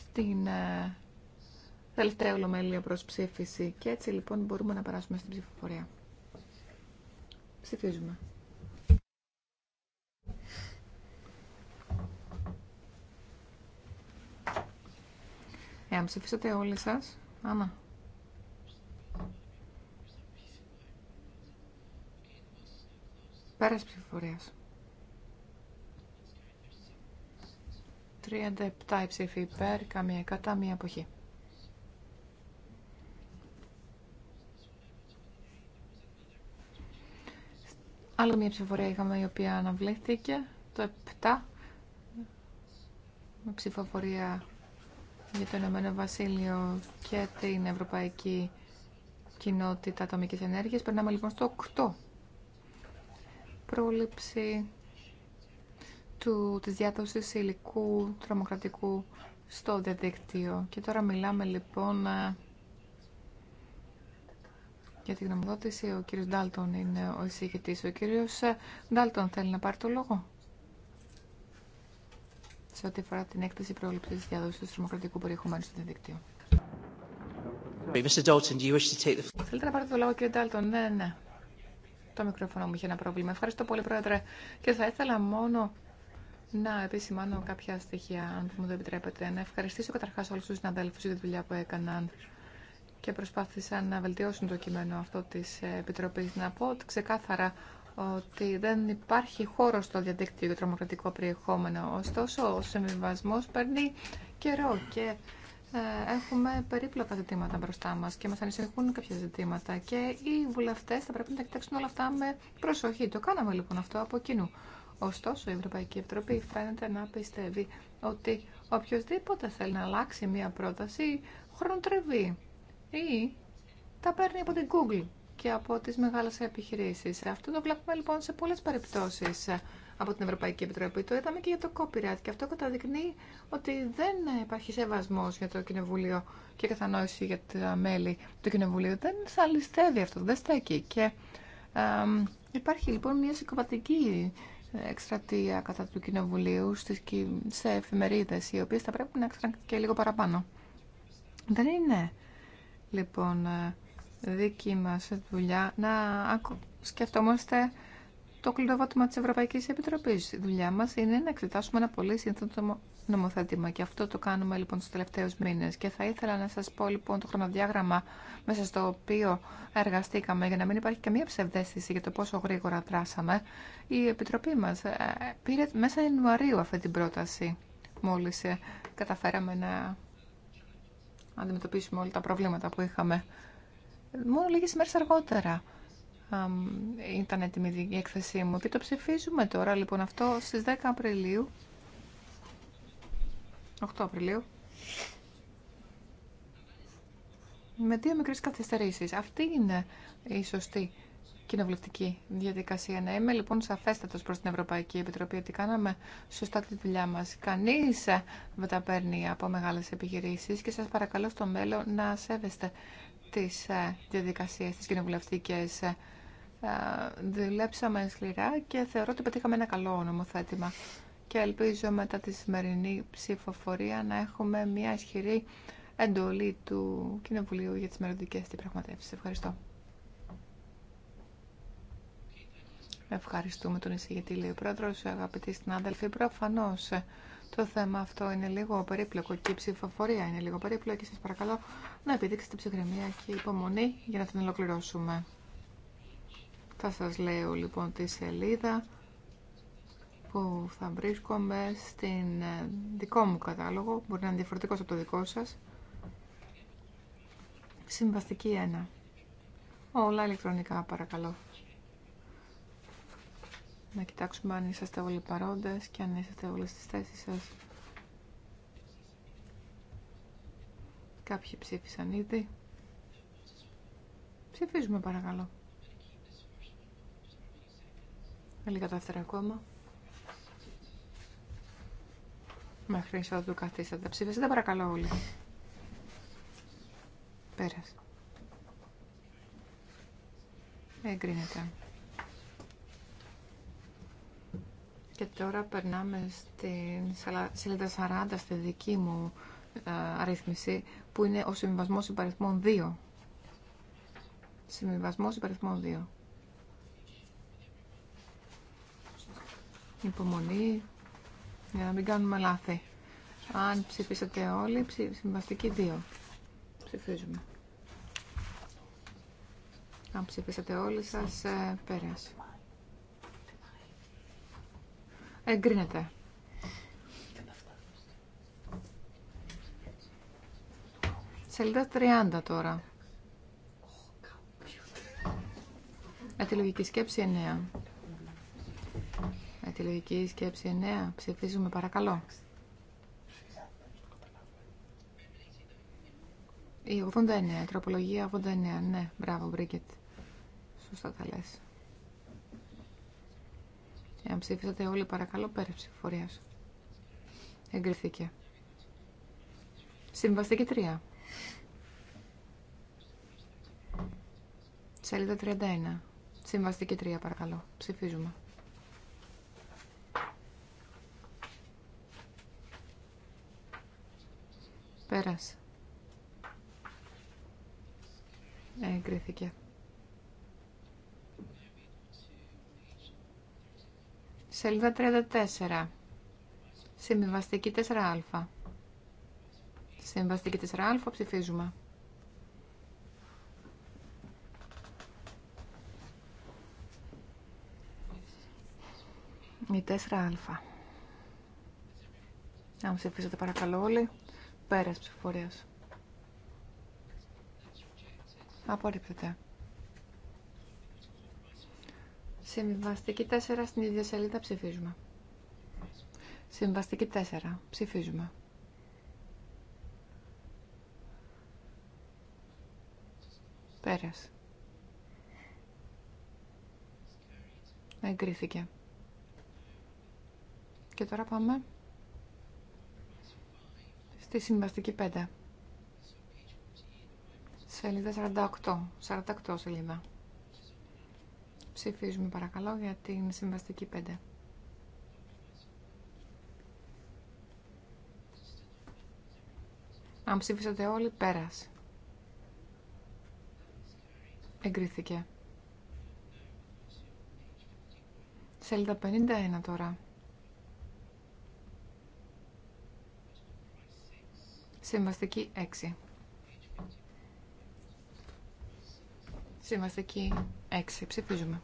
στην ε, τελευταία ολομέλεια προς ψήφιση και έτσι λοιπόν μπορούμε να περάσουμε στην ψηφοφορία. Ψηφίζουμε. Εάν ψηφίσατε όλοι σας, άμα. Πέρας ψηφοφορίας. 37 ψήφοι υπέρ, καμία κατά, μία αποχή. Άλλη μία ψηφοφορία είχαμε η οποία αναβλήθηκε, το 7, με ψηφοφορία για το Ηνωμένο Βασίλειο και την Ευρωπαϊκή Κοινότητα Ατομικής Ενέργειας. Περνάμε λοιπόν στο 8 πρόληψη του, της διάδοσης υλικού τρομοκρατικού στο διαδίκτυο. Και τώρα μιλάμε λοιπόν ε, για την γνωμοδότηση. Ο κύριος Ντάλτον είναι ο εισηγητής. Ο κύριος ε, Ντάλτον θέλει να πάρει το λόγο σε ό,τι αφορά την έκθεση πρόληψη τη διάδοση του τρομοκρατικού περιεχομένου στο διαδίκτυο. Θέλετε να πάρετε το λόγο, κύριε Ντάλτον. Ναι, ναι. Το μικρόφωνο μου είχε ένα πρόβλημα. Ευχαριστώ πολύ, Πρόεδρε. Και θα ήθελα μόνο να επισημάνω κάποια στοιχεία, αν μου το επιτρέπετε. Να ευχαριστήσω καταρχά όλου του συναδέλφου για τη δουλειά που έκαναν και προσπάθησαν να βελτιώσουν το κείμενο αυτό τη Επιτροπή. Να πω ξεκάθαρα ότι δεν υπάρχει χώρο στο διαδίκτυο για τρομοκρατικό περιεχόμενο. Ωστόσο, ο συμβιβασμό παίρνει καιρό ε, έχουμε περίπλοκα ζητήματα μπροστά μα και μα ανησυχούν κάποια ζητήματα και οι βουλευτέ θα πρέπει να τα κοιτάξουν όλα αυτά με προσοχή. Το κάναμε λοιπόν αυτό από κοινού. Ωστόσο, η Ευρωπαϊκή Επιτροπή φαίνεται να πιστεύει ότι οποιοδήποτε θέλει να αλλάξει μία πρόταση χρονοτρεβεί ή τα παίρνει από την Google και από τις μεγάλες επιχειρήσεις. Αυτό το βλέπουμε λοιπόν σε πολλές περιπτώσεις από την Ευρωπαϊκή Επιτροπή. Το είδαμε και για το copyright και αυτό καταδεικνύει ότι δεν υπάρχει σεβασμό για το Κοινοβούλιο και κατανόηση για τα μέλη του Κοινοβουλίου. Δεν ληστεύει αυτό, δεν στέκει. Και υπάρχει λοιπόν μια συκοπατική ε, εκστρατεία κατά του Κοινοβουλίου στις, σε εφημερίδε, οι οποίε θα πρέπει να εξτρακτεί και λίγο παραπάνω. Δεν είναι λοιπόν ε, δική μας δουλειά να σκεφτόμαστε το κλειδοβότημα της Ευρωπαϊκής Επιτροπής. Η δουλειά μας είναι να εξετάσουμε ένα πολύ σύνθετο νομοθέτημα και αυτό το κάνουμε λοιπόν τους τελευταίους μήνες. Και θα ήθελα να σας πω λοιπόν το χρονοδιάγραμμα μέσα στο οποίο εργαστήκαμε για να μην υπάρχει καμία ψευδέστηση για το πόσο γρήγορα δράσαμε. Η Επιτροπή μας ε, πήρε μέσα Ιανουαρίου αυτή την πρόταση μόλις ε, καταφέραμε να αντιμετωπίσουμε όλα τα προβλήματα που είχαμε. Μόνο λίγε μέρες αργότερα ήταν έτοιμη η έκθεσή μου και το ψηφίζουμε τώρα λοιπόν αυτό στις 10 Απριλίου 8 Απριλίου με δύο μικρές καθυστερήσεις. Αυτή είναι η σωστή κοινοβουλευτική διαδικασία. Να είμαι λοιπόν σαφέστατος προς την Ευρωπαϊκή Επιτροπή ότι κάναμε σωστά τη δουλειά μας. Κανείς δεν τα παίρνει από μεγάλες επιχειρήσεις και σας παρακαλώ στο μέλλον να σέβεστε τις ε, διαδικασίες, τις κοινοβουλευτικές ε, δουλέψαμε σκληρά και θεωρώ ότι πετύχαμε ένα καλό νομοθέτημα και ελπίζω μετά τη σημερινή ψηφοφορία να έχουμε μια ισχυρή εντολή του Κοινοβουλίου για τις μελλοντικές διαπραγματεύσεις. Ευχαριστώ. Ευχαριστούμε τον εισηγητή, λέει ο πρόεδρος, αγαπητοί συνάδελφοι. Προφανώς το θέμα αυτό είναι λίγο περίπλοκο και η ψηφοφορία είναι λίγο περίπλοκη. Σας παρακαλώ να επιδείξετε ψυχραιμία και υπομονή για να την ολοκληρώσουμε. Θα σας λέω λοιπόν τη σελίδα που θα βρίσκομαι στην ε, δικό μου κατάλογο, μπορεί να είναι διαφορετικός από το δικό σας. Συμβαστική 1. Όλα ηλεκτρονικά παρακαλώ. Να κοιτάξουμε αν είσαστε όλοι παρόντες και αν είσαστε όλοι στις θέσεις σας. Κάποιοι ψήφισαν ήδη. Ψηφίζουμε παρακαλώ. Λίγα δεύτερα ακόμα. Μέχρι ότου καθίσατε τα ψήφισατε, παρακαλώ όλοι. Πέρασε. Εγκρίνεται. Και τώρα περνάμε στην σελίδα 40 στη δική μου ε, αριθμίση που είναι ο συμβιβασμός υπαριθμών 2. Συμβιβασμός υπαριθμών 2. υπομονή για να μην κάνουμε λάθη. Αν ψηφίσατε όλοι, συμβαστική 2. Ψηφίζουμε. Αν ψηφίσατε όλοι σας, ε, πέρασε. Εγκρίνεται. Σελίδα 30 τώρα. Αντιλογική σκέψη 9 λογική σκέψη 9. Ψηφίζουμε παρακαλώ. Η 89, τροπολογία 89, ναι, μπράβο Μπρίκετ. Σωστά τα λες. Εάν ψήφισατε όλοι παρακαλώ πέρα ψηφοφορία. Εγκριθήκε. Συμβαστική 3. Σελίδα 31. Συμβαστική 3 παρακαλώ. Ψηφίζουμε. Πέρασε. Εγκρίθηκε. Σελίδα 34. Συμβιβαστική 4α. Συμβαστική 4α ψηφίζουμε. Η 4α. μου ψηφίσετε παρακαλώ όλοι. Πέρας ψηφοφορίας. Απορρίπτεται. Συμβαστική 4 στην ίδια σελίδα ψηφίζουμε. Συμβαστική 4. Ψηφίζουμε. Πέρας. Εγκρίθηκε. Και τώρα πάμε τη συμβαστική 5. Σελίδα 48. 48 σελίδα. Ψηφίζουμε παρακαλώ για την συμβαστική 5. Αν ψήφισατε όλοι, πέρας. Εγκρίθηκε. Σελίδα 51 τώρα. Συμβαστική 6. Συμβαστική 6. Ψηφίζουμε.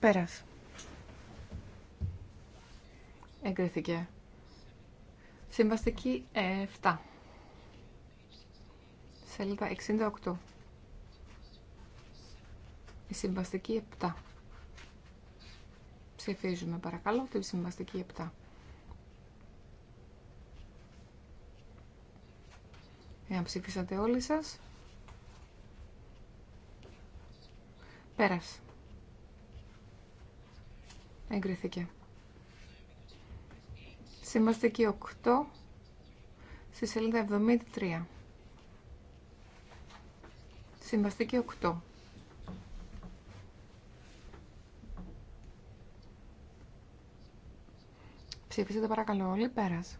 Πέρας. Εγκρίθηκε. Συμβαστική 7. Σελίδα 68. Η συμβαστική 7. Ψηφίζουμε παρακαλώ τη συμβαστική 7. Εάν ψηφίσατε όλοι σας. Πέρασε. Εγκριθήκε. Συμβαστική 8 στη σελίδα 73. Συμβαστική 8. το παρακαλώ όλοι, πέρας.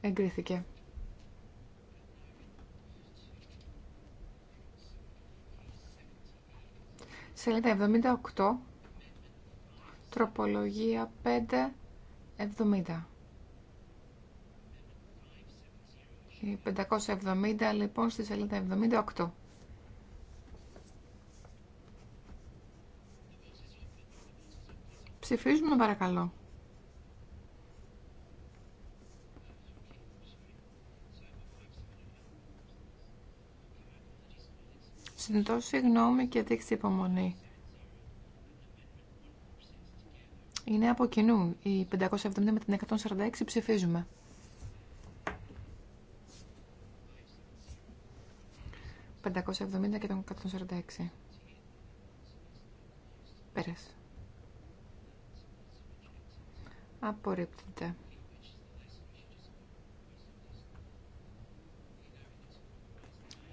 Εγκρίθηκε. Σελίδα 78, τροπολογία 570. Η 570 λοιπόν στη σελίδα 78. Ψηφίζουμε παρακαλώ. Συντώ συγγνώμη και δείξτε υπομονή. Είναι από κοινού. Οι 570 με την 146 ψηφίζουμε. ...570 και τον 146. Πέρασε. Απορρίπτεται.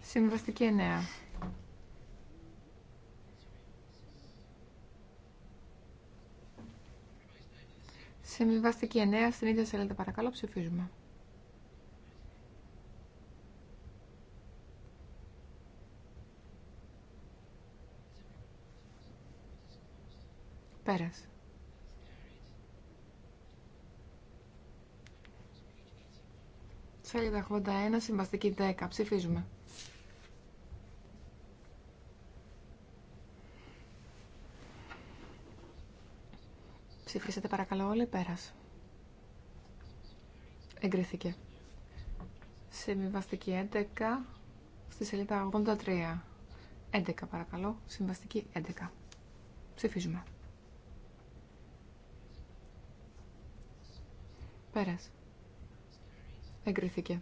Συμβαστική εννέα. Συμβιβαστική εννέα, στην ίδια σελίδα παρακαλώ ψηφίζουμε. Πέρας. Σελίδα 81, συμβαστική 10. Ψηφίζουμε. Ψηφίσατε παρακαλώ όλοι πέρας. Εγκρίθηκε. Συμβαστική 11 στη σελίδα 83. 11 παρακαλώ. Συμβαστική 11. Ψηφίζουμε. Πέρας. Εγκρίθηκε.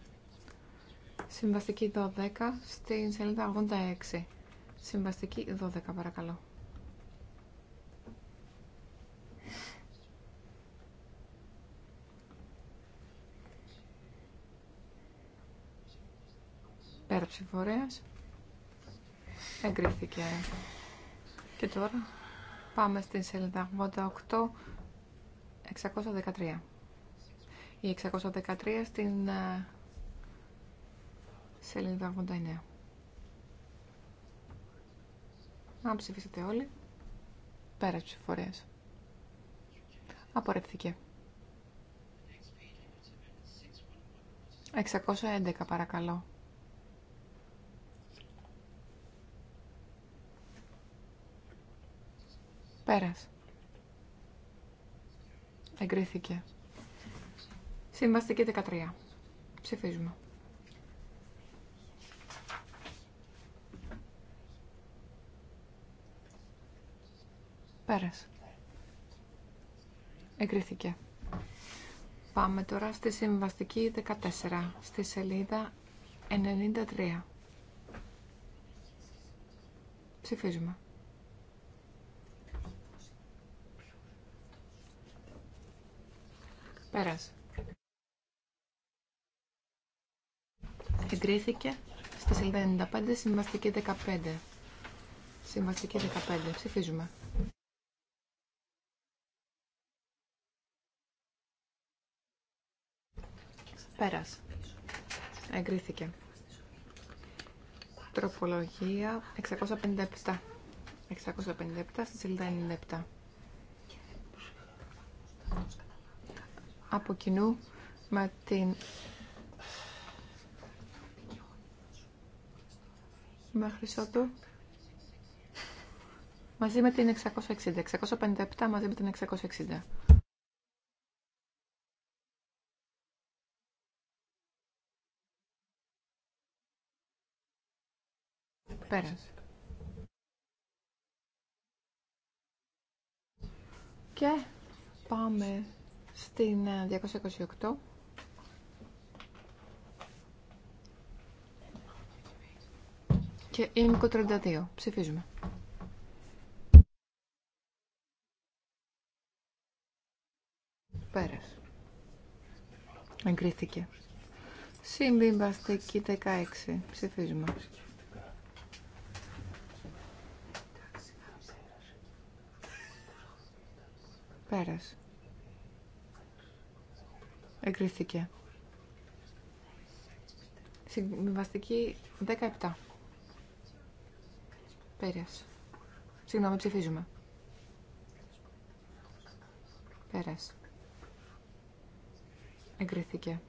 Συμβαστική 12 στην σελίδα 86. Συμβαστική 12 παρακαλώ. ψηφορέας Εγκρίθηκε. Και τώρα πάμε στην σελίδα 88, 613. Η 613 στην ε, σελίδα 89. Αν ψηφίσετε όλοι, πέρα ψηφορίες. Απορρεύθηκε. 611 παρακαλώ. Πέρας. Εγκρίθηκε. Συμβαστική 13. Ψηφίζουμε. Πέρας. Εγκρίθηκε. Πάμε τώρα στη συμβαστική 14, στη σελίδα 93. Ψηφίζουμε. Πέρας. Εγκρίθηκε στη σελίδα 95, συμβαστική 15. Συμβαστική 15. Ψηφίζουμε. Πέρασε. Εγκρίθηκε. Τροπολογία 657. 657 στη σελίδα 97 από κοινού με την μέχρι ότου μαζί με την 660, 657 μαζί με την 660. Και πάμε στην 228 ε, και ΜΚΟ 32. Ψηφίζουμε. Πέρας. Εγκρίθηκε. Συμβιβαστική 16. Ψηφίζουμε. Πέρας. Εγκρίθηκε. Συμβαστική 17. Πέρασε. Συγγνώμη, ψηφίζουμε. Πέρασε. Εγκρίθηκε.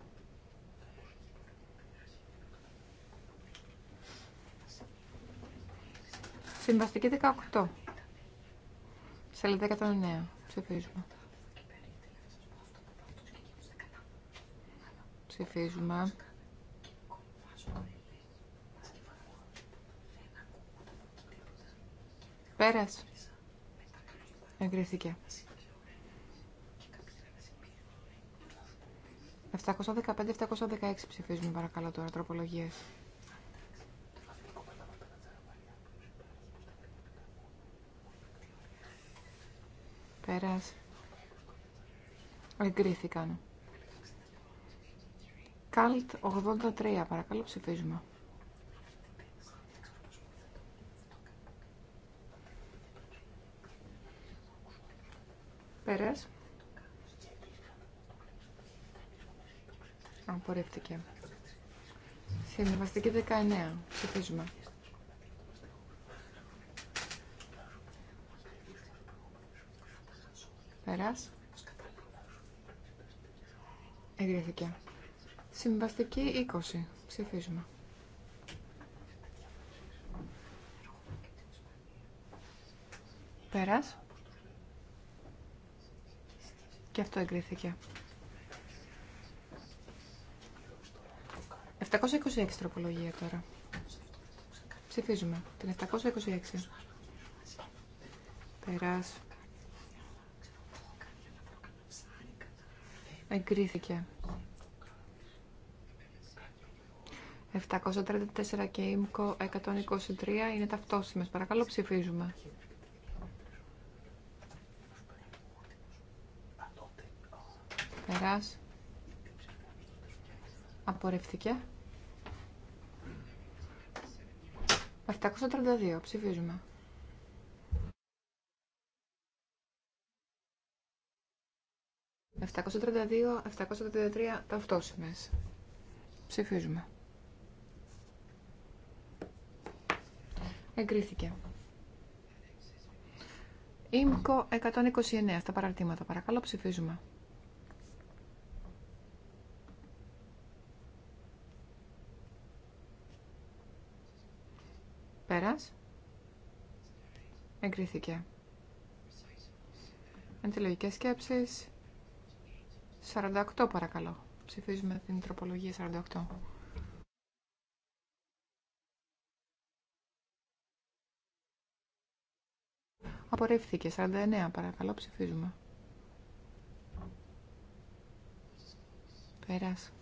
Συμβαστική 18. Σελίδα 109. Ψηφίζουμε. ψηφίζουμε. Πέρας. Εγκρίθηκε. 715-716 ψηφίζουμε παρακαλώ τώρα τροπολογίες. Πέρας. Εγκρίθηκαν. Καλτ 83, παρακαλώ ψηφίζουμε. Πέρας. Απορρίφθηκε. Συμβαστική 19. Ψηφίζουμε. Πέρας. Εγκρίθηκε. Συμβαστική 20. Ψηφίζουμε. Πέρας. Και αυτό εγκρίθηκε. 726 τροπολογία τώρα. Ψηφίζουμε την 726. Περάς. Εγκρίθηκε. 734 και ΙΜΚΟ 123 είναι ταυτόσιμες. Παρακαλώ ψηφίζουμε. Περάς. Απορρεύτηκε. 732. Ψηφίζουμε. «732, 733 ταυτόσιμες. Ψηφίζουμε. Εγκρίθηκε. ΙΜΚΟ 129. Στα παραρτήματα. Παρακαλώ ψηφίζουμε. Πέρας. Εγκρίθηκε. Αντιλογικές σκέψεις. 48 παρακαλώ. Ψηφίζουμε την τροπολογία 48. Απορρίφθηκε. 49 παρακαλώ ψηφίζουμε. Πέρας.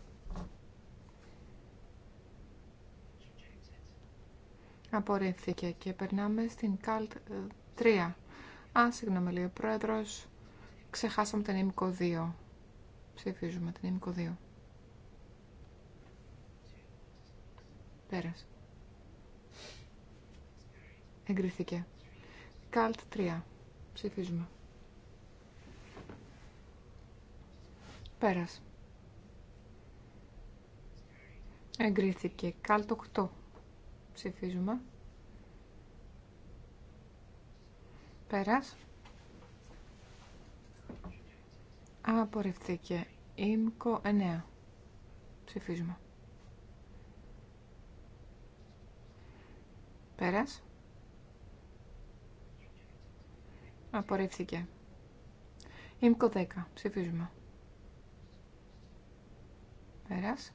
Απορρίφθηκε και περνάμε στην ΚΑΛΤ 3. Ε, Α, συγγνώμη λέει ο πρόεδρος. Ξεχάσαμε την ΕΜΚΟ 2. Ψηφίζουμε την ΕΜΚΟ 2. Πέρας. Εγκρίθηκε. Καλτ 3. Ψηφίζουμε. Πέρας. Εγκρίθηκε. Καλτ 8. Ψηφίζουμε. Πέρας. Απορριφθήκε. Ήμκο 9. Ψηφίζουμε. Πέρας. Απορρίφθηκε. Ήμκο 10. Ψηφίζουμε. Πέρας.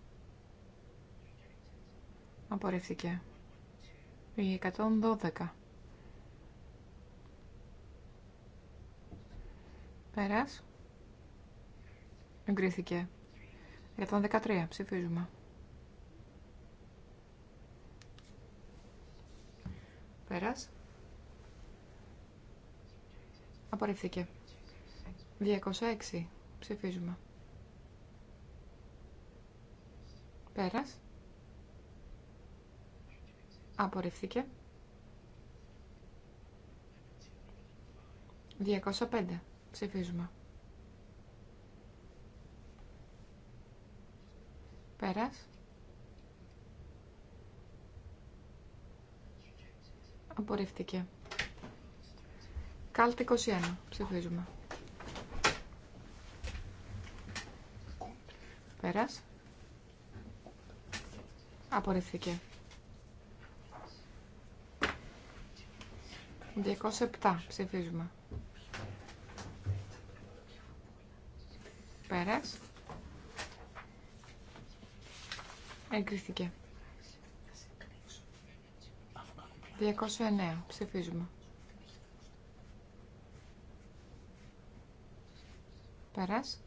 Απορρίφθηκε. Η 112. Πέρας. Εγκρίθηκε. 113. Ψηφίζουμε. Πέρας. Απορρίφθηκε. 206. Ψηφίζουμε. Πέρας. Απορρίφθηκε. 205. Ψηφίζουμε. Πέρας. Απορρίφθηκε. Κάλτ 21. Ψηφίζουμε. Πέρας. Απορρίφθηκε. 207. Ψηφίζουμε. Πέρας. Εγκρίθηκε. 209. Ψηφίζουμε. Πέρας.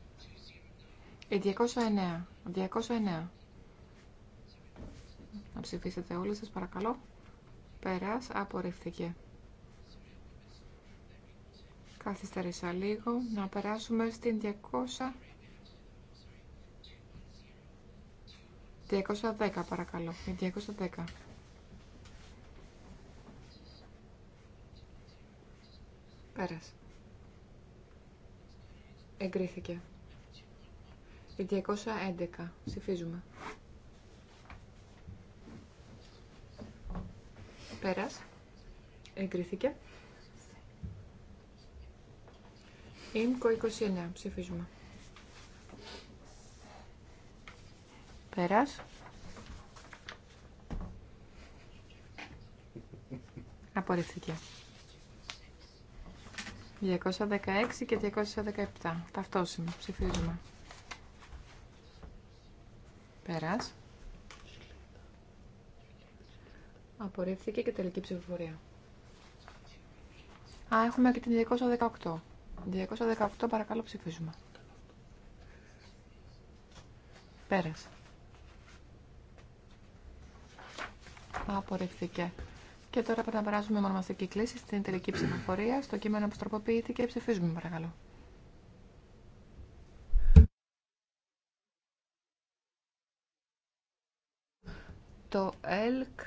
Η 209. 209. Να ψηφίσετε όλοι σας παρακαλώ. Πέρας. Απορρίφθηκε. Καθυστερήσα λίγο. Να περάσουμε στην 200. 210 παρακαλώ. 210. Ε, Πέρασε. Εγκρίθηκε. Η 211. Ψηφίζουμε. Πέρας. Εγκρίθηκε. Ήμκο 29. Ψηφίζουμε. Πέρας. Απορρίφθηκε. 216 και 217. Ταυτόσημα. Ψηφίζουμε. Πέρας. Απορρίφθηκε και τελική ψηφοφορία. Α, έχουμε και την 218. 218 παρακαλώ ψηφίζουμε. Πέρασε. Απορριφθήκε. Και τώρα με μονομαστική κλίση στην τελική ψηφοφορία, στο κείμενο που στροποποιήθηκε. Ψηφίζουμε, παρακαλώ. Το ΕΛΚ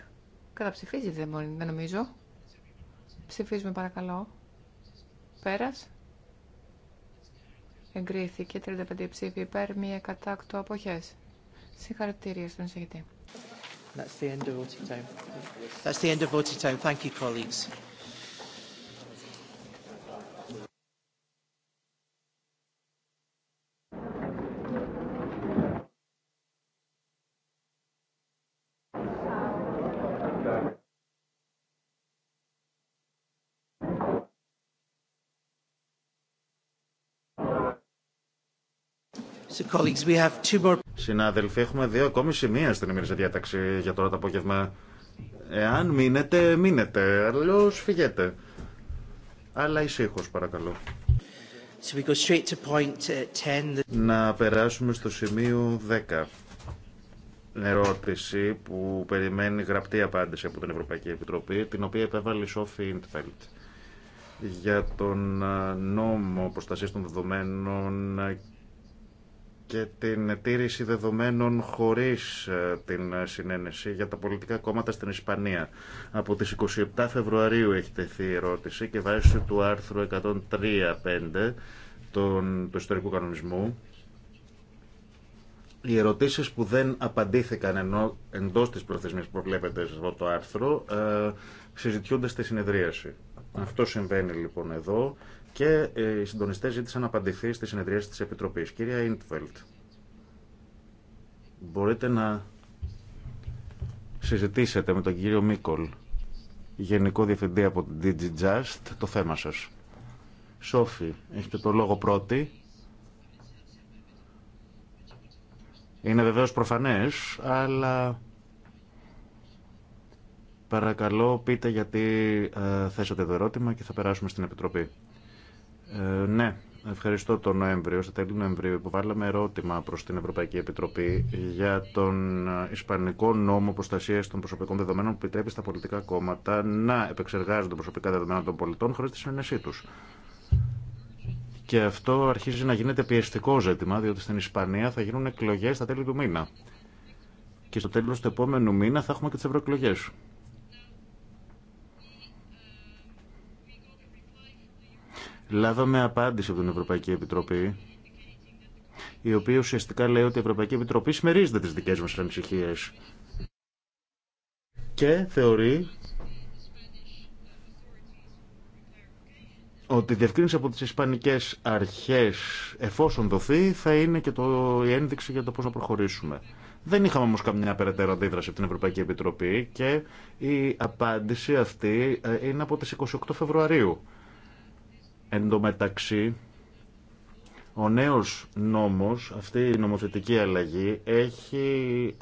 καταψηφίζει, δεν, μπορεί, δεν νομίζω. Ψηφίζουμε, παρακαλώ. Πέρας. Εγκρίθηκε 35 ψήφοι υπέρ, μία κατάκτω αποχές. Συγχαρητήρια στον εισηγητή. That's the end of voting time. That's the end of voting time. Thank you, colleagues. Συνάδελφοι, έχουμε δύο ακόμη σημεία στην ημερήσια διάταξη για τώρα το απόγευμα. Εάν μείνετε, μείνετε. Αλλιώ φυγέτε. Αλλά ησύχω, παρακαλώ. Uh, Να περάσουμε στο σημείο 10. Ερώτηση που περιμένει γραπτή απάντηση από την Ευρωπαϊκή Επιτροπή, την οποία επέβαλε η Σόφη Ιντφέλτ για τον ε, νόμο προστασία των δεδομένων και την τήρηση δεδομένων χωρίς ε, την συνένεση για τα πολιτικά κόμματα στην Ισπανία. Από τις 27 Φεβρουαρίου έχει τεθεί η ερώτηση και βάσει του άρθρου 103.5 του ιστορικού κανονισμού οι ερωτήσεις που δεν απαντήθηκαν ενώ εντός της προθεσμίας που αυτό το άρθρο ε, συζητιούνται στη συνεδρίαση. Αυτό συμβαίνει λοιπόν εδώ και ε, οι συντονιστές ζήτησαν να απαντηθεί στη συνεδρίαση της Επιτροπής. Κυρία Ιντβελτ, μπορείτε να συζητήσετε με τον κύριο Μίκολ, Γενικό Διευθυντή από την DigiJust, το θέμα σας. Σόφη, έχετε το λόγο πρώτη. Είναι βεβαίως προφανές, αλλά Παρακαλώ πείτε γιατί ε, θέσατε το ερώτημα και θα περάσουμε στην Επιτροπή. Ε, ναι, ευχαριστώ τον Νοέμβριο. Στα τέλη Νοεμβρίου υποβάλαμε ερώτημα προς την Ευρωπαϊκή Επιτροπή για τον ε, Ισπανικό νόμο προστασία των προσωπικών δεδομένων που επιτρέπει στα πολιτικά κόμματα να επεξεργάζονται προσωπικά δεδομένα των πολιτών χωρίς τη συνένεσή τους. Και αυτό αρχίζει να γίνεται πιεστικό ζήτημα, διότι στην Ισπανία θα γίνουν εκλογές στα τέλη του μήνα. Και στο τέλο του επόμενου μήνα θα έχουμε και τι ευρωεκλογέ. Λάβαμε απάντηση από την Ευρωπαϊκή Επιτροπή, η οποία ουσιαστικά λέει ότι η Ευρωπαϊκή Επιτροπή σμερίζεται τις δικές μας ανησυχίες και θεωρεί ότι η διευκρίνηση από τις ισπανικές αρχές εφόσον δοθεί θα είναι και το, η ένδειξη για το πώς να προχωρήσουμε. Δεν είχαμε όμως καμιά περαιτέρω αντίδραση από την Ευρωπαϊκή Επιτροπή και η απάντηση αυτή ε, είναι από τις 28 Φεβρουαρίου. Εν τω μεταξύ, ο νέος νόμος, αυτή η νομοθετική αλλαγή, έχει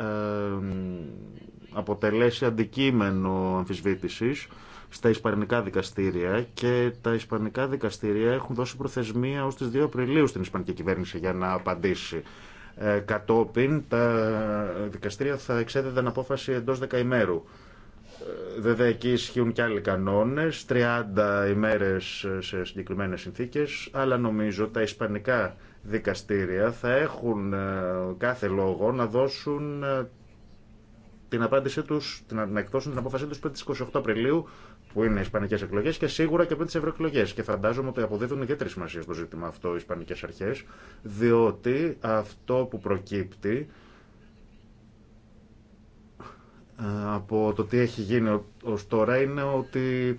αποτελέσει αντικείμενο αμφισβήτησης στα ισπανικά δικαστήρια και τα ισπανικά δικαστήρια έχουν δώσει προθεσμία ως τις 2 Απριλίου στην ισπανική κυβέρνηση για να απαντήσει. Ε, κατόπιν τα δικαστήρια θα εξέδεδαν απόφαση εντός δεκαημέρου. Ε, βέβαια εκεί ισχύουν και άλλοι κανόνες, 30 ημέρες σε συγκεκριμένες συνθήκες, αλλά νομίζω τα ισπανικά δικαστήρια θα έχουν ε, κάθε λόγο να δώσουν ε, την απάντησή τους, να εκδώσουν την απόφασή του πριν τις 28 Απριλίου, που είναι οι Ισπανικές εκλογέ και σίγουρα και πριν τι ευρωεκλογέ. Και φαντάζομαι ότι αποδίδουν ιδιαίτερη σημασία στο ζήτημα αυτό οι ισπανικέ αρχέ, διότι αυτό που προκύπτει ε, από το τι έχει γίνει ως τώρα είναι ότι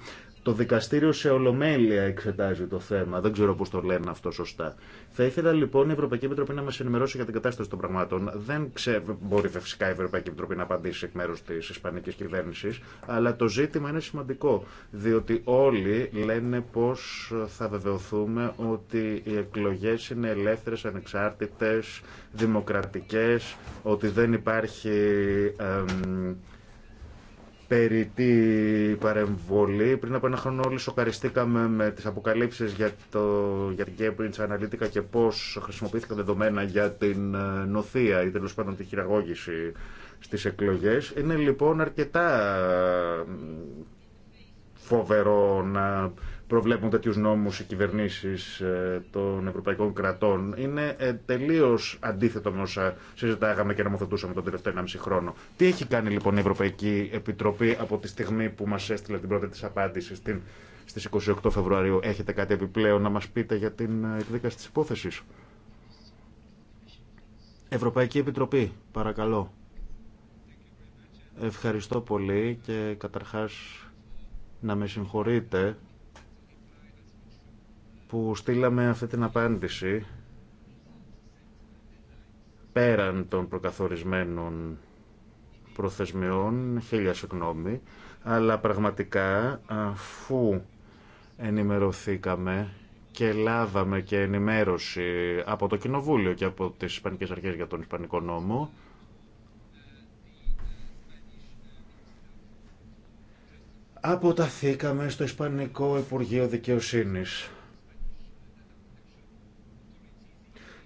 το δικαστήριο σε ολομέλεια εξετάζει το θέμα. Δεν ξέρω πώ το λένε αυτό σωστά. Θα ήθελα λοιπόν η Ευρωπαϊκή Επιτροπή να μα ενημερώσει για την κατάσταση των πραγμάτων. Δεν ξε... μπορεί φυσικά η Ευρωπαϊκή Επιτροπή να απαντήσει εκ μέρου τη Ισπανική κυβέρνηση, αλλά το ζήτημα είναι σημαντικό. Διότι όλοι λένε πώ θα βεβαιωθούμε ότι οι εκλογέ είναι ελεύθερε, ανεξάρτητε, δημοκρατικέ, ότι δεν υπάρχει περί παρεμβολή. Πριν από ένα χρόνο όλοι σοκαριστήκαμε με τις αποκαλύψεις για, το, για την Cambridge Analytica και πώς χρησιμοποιήθηκαν δεδομένα για την ε, νοθεία ή τέλο πάντων τη χειραγώγηση στις εκλογές. Είναι λοιπόν αρκετά ε, φοβερό να προβλέπουν τέτοιου νόμου οι κυβερνήσει ε, των ευρωπαϊκών κρατών. Είναι ε, τελείω αντίθετο με όσα συζητάγαμε και νομοθετούσαμε τον τελευταίο 1,5 χρόνο. Τι έχει κάνει λοιπόν η Ευρωπαϊκή Επιτροπή από τη στιγμή που μα έστειλε την πρώτη τη απάντηση στην στις 28 Φεβρουαρίου. Έχετε κάτι επιπλέον να μας πείτε για την ε, εκδίκαση της υπόθεσης. Ευρωπαϊκή Επιτροπή, παρακαλώ. Ευχαριστώ πολύ και καταρχάς να με συγχωρείτε που στείλαμε αυτή την απάντηση πέραν των προκαθορισμένων προθεσμιών, χίλια συγγνώμη, αλλά πραγματικά αφού ενημερωθήκαμε και λάβαμε και ενημέρωση από το Κοινοβούλιο και από τις Ισπανικές Αρχές για τον Ισπανικό νόμο, αποταθήκαμε στο Ισπανικό Υπουργείο Δικαιοσύνης.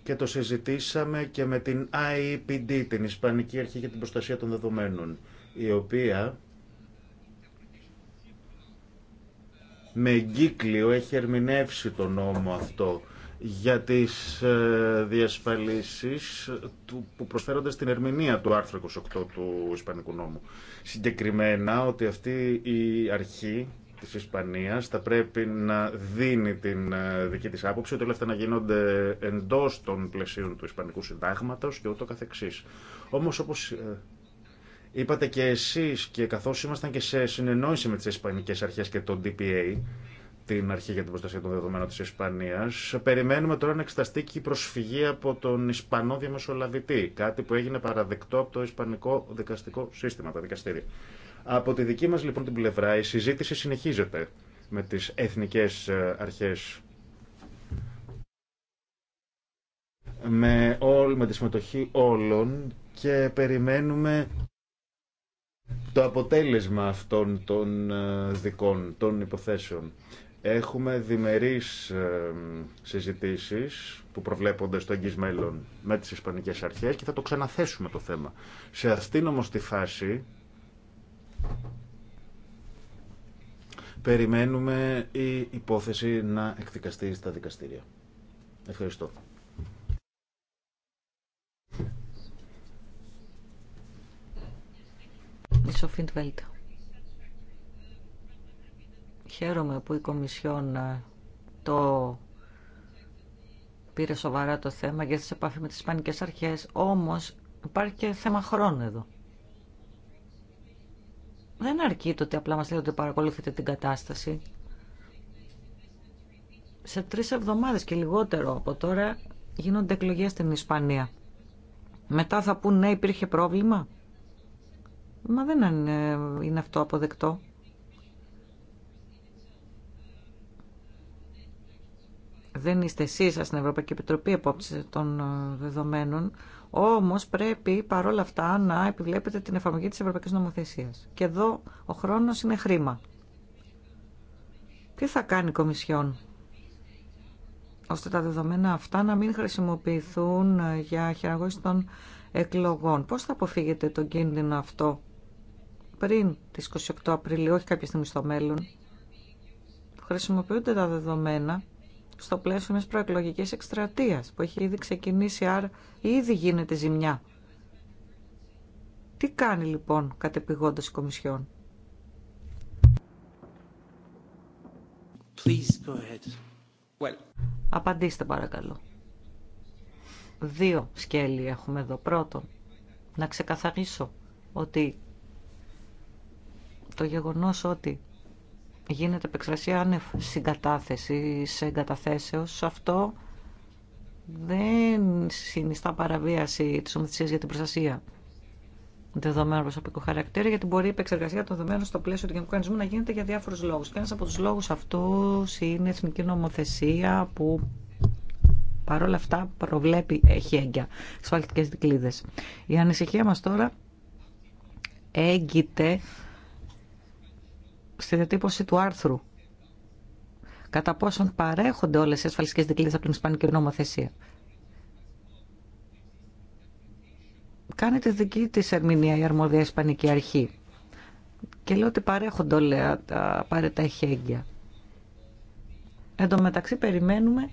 και το συζητήσαμε και με την IEPD, την Ισπανική Αρχή για την Προστασία των Δεδομένων, η οποία με εγκύκλιο έχει ερμηνεύσει το νόμο αυτό για τις ε, διασφαλίσεις που προσφέρονται στην ερμηνεία του άρθρου 28 του Ισπανικού νόμου. Συγκεκριμένα ότι αυτή η αρχή Τη Ισπανία θα πρέπει να δίνει την ε, δική τη άποψη ότι όλα αυτά να γίνονται εντό των πλαισίων του Ισπανικού Συντάγματο και ούτω καθεξής. Όμω όπω ε, είπατε και εσεί, και καθώ ήμασταν και σε συνεννόηση με τι ισπανικέ αρχέ και τον DPA, την αρχή για την προστασία των δεδομένων τη Ισπανία, Περιμένουμε τώρα να εξεταστεί και η προσφυγή από τον Ισπανό διαμεσολαβητή, κάτι που έγινε παραδεκτό από το Ισπανικό δικαστικό σύστημα, τα δικαστήρια. Από τη δική μας λοιπόν την πλευρά η συζήτηση συνεχίζεται με τις εθνικές ε, αρχές με, όλ, με τη συμμετοχή όλων και περιμένουμε το αποτέλεσμα αυτών των ε, δικών, των υποθέσεων. Έχουμε διμερείς ε, συζητήσεις που προβλέπονται στο εγγύς μέλλον με τις Ισπανικές Αρχές και θα το ξαναθέσουμε το θέμα. Σε αυτήν όμως τη φάση Περιμένουμε η υπόθεση να εκδικαστεί στα δικαστήρια. Ευχαριστώ. Χαίρομαι που η Κομισιόν ε, το πήρε σοβαρά το θέμα για τις επαφή με τις Ισπανικές Αρχές, όμως υπάρχει και θέμα χρόνου εδώ δεν αρκεί το ότι απλά μας λέτε ότι παρακολουθείτε την κατάσταση. Σε τρεις εβδομάδες και λιγότερο από τώρα γίνονται εκλογές στην Ισπανία. Μετά θα πούν ναι υπήρχε πρόβλημα. Μα δεν ε, είναι, αυτό αποδεκτό. Δεν είστε εσείς στην Ευρωπαϊκή Επιτροπή επόψη των ε, δεδομένων. Όμω πρέπει παρόλα αυτά να επιβλέπετε την εφαρμογή τη Ευρωπαϊκή Νομοθεσία. Και εδώ ο χρόνο είναι χρήμα. Τι θα κάνει η Κομισιόν ώστε τα δεδομένα αυτά να μην χρησιμοποιηθούν για χειραγώγηση των εκλογών. Πώς θα αποφύγετε τον κίνδυνο αυτό πριν τις 28 Απριλίου, όχι κάποια στιγμή στο μέλλον. Χρησιμοποιούνται τα δεδομένα στο πλαίσιο μιας προεκλογικής εκστρατεία που έχει ήδη ξεκινήσει, άρα ήδη γίνεται ζημιά. Τι κάνει λοιπόν κατεπηγόντας η Κομισιόν. Please go ahead. Well. Απαντήστε παρακαλώ. Δύο σκέλη έχουμε εδώ. Πρώτον, να ξεκαθαρίσω ότι το γεγονός ότι γίνεται επεξεργασία άνευ σε εγκαταθέσεως. Αυτό δεν συνιστά παραβίαση τη ομοθεσίας για την προστασία δεδομένων προσωπικού χαρακτήρα, γιατί μπορεί η επεξεργασία των δεδομένων στο πλαίσιο του Γενικού Κανονισμού να γίνεται για διάφορου λόγου. Και ένα από του λόγου αυτού είναι η εθνική νομοθεσία που παρόλα αυτά προβλέπει, έχει έγκαια ασφαλιστικέ δικλείδε. Η ανησυχία μα τώρα έγκυται στη διατύπωση του άρθρου κατά πόσον παρέχονται όλες οι ασφαλιστικές δικλείδες από την Ισπανική νομοθεσία. τη δική της ερμηνεία η αρμόδια Ισπανική αρχή και λέω ότι παρέχονται όλα τα απαραίτητα εχέγγυα. Εν τω μεταξύ περιμένουμε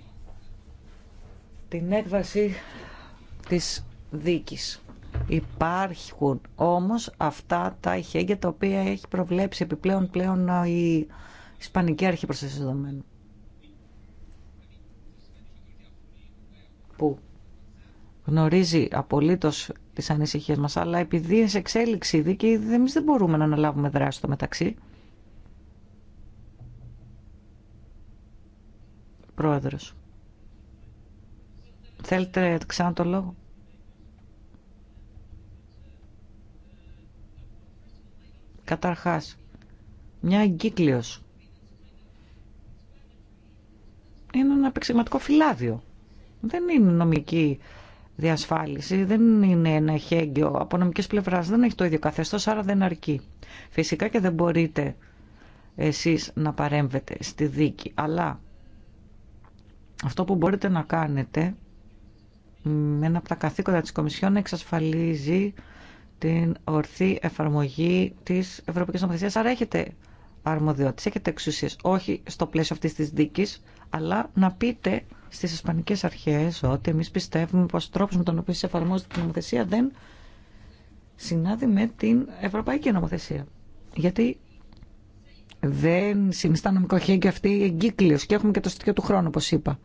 την έκβαση της δίκης. Υπάρχουν όμως αυτά τα ηχέγγια τα οποία έχει προβλέψει επιπλέον πλέον η Ισπανική Αρχή Προστασίας Δεδομένων. Που γνωρίζει απολύτως τις ανησυχίες μας, αλλά επειδή είναι σε εξέλιξη δίκη εμείς δεν μπορούμε να αναλάβουμε δράση στο μεταξύ. Πρόεδρος. Θέλετε ξανά το λόγο. Καταρχάς, μια εγκύκλειος είναι ένα επεξηγηματικό φυλάδιο. Δεν είναι νομική διασφάλιση, δεν είναι ένα χέγγιο από νομική πλευρά, δεν έχει το ίδιο καθεστώ, άρα δεν αρκεί. Φυσικά και δεν μπορείτε εσείς να παρέμβετε στη δίκη, αλλά αυτό που μπορείτε να κάνετε με ένα από τα καθήκοντα της Κομισιόν εξασφαλίζει την ορθή εφαρμογή της Ευρωπαϊκής Νομοθεσίας. Άρα έχετε αρμοδιότητες, έχετε εξουσίες, όχι στο πλαίσιο αυτής της δίκης, αλλά να πείτε στις Ισπανικές Αρχές ότι εμείς πιστεύουμε πως τρόπος με τον οποίο εφαρμόζεται την νομοθεσία δεν συνάδει με την Ευρωπαϊκή Νομοθεσία. Γιατί δεν συνιστά νομικό χέγγι αυτή η εγκύκλειος και έχουμε και το στοιχείο του χρόνου, όπως είπα.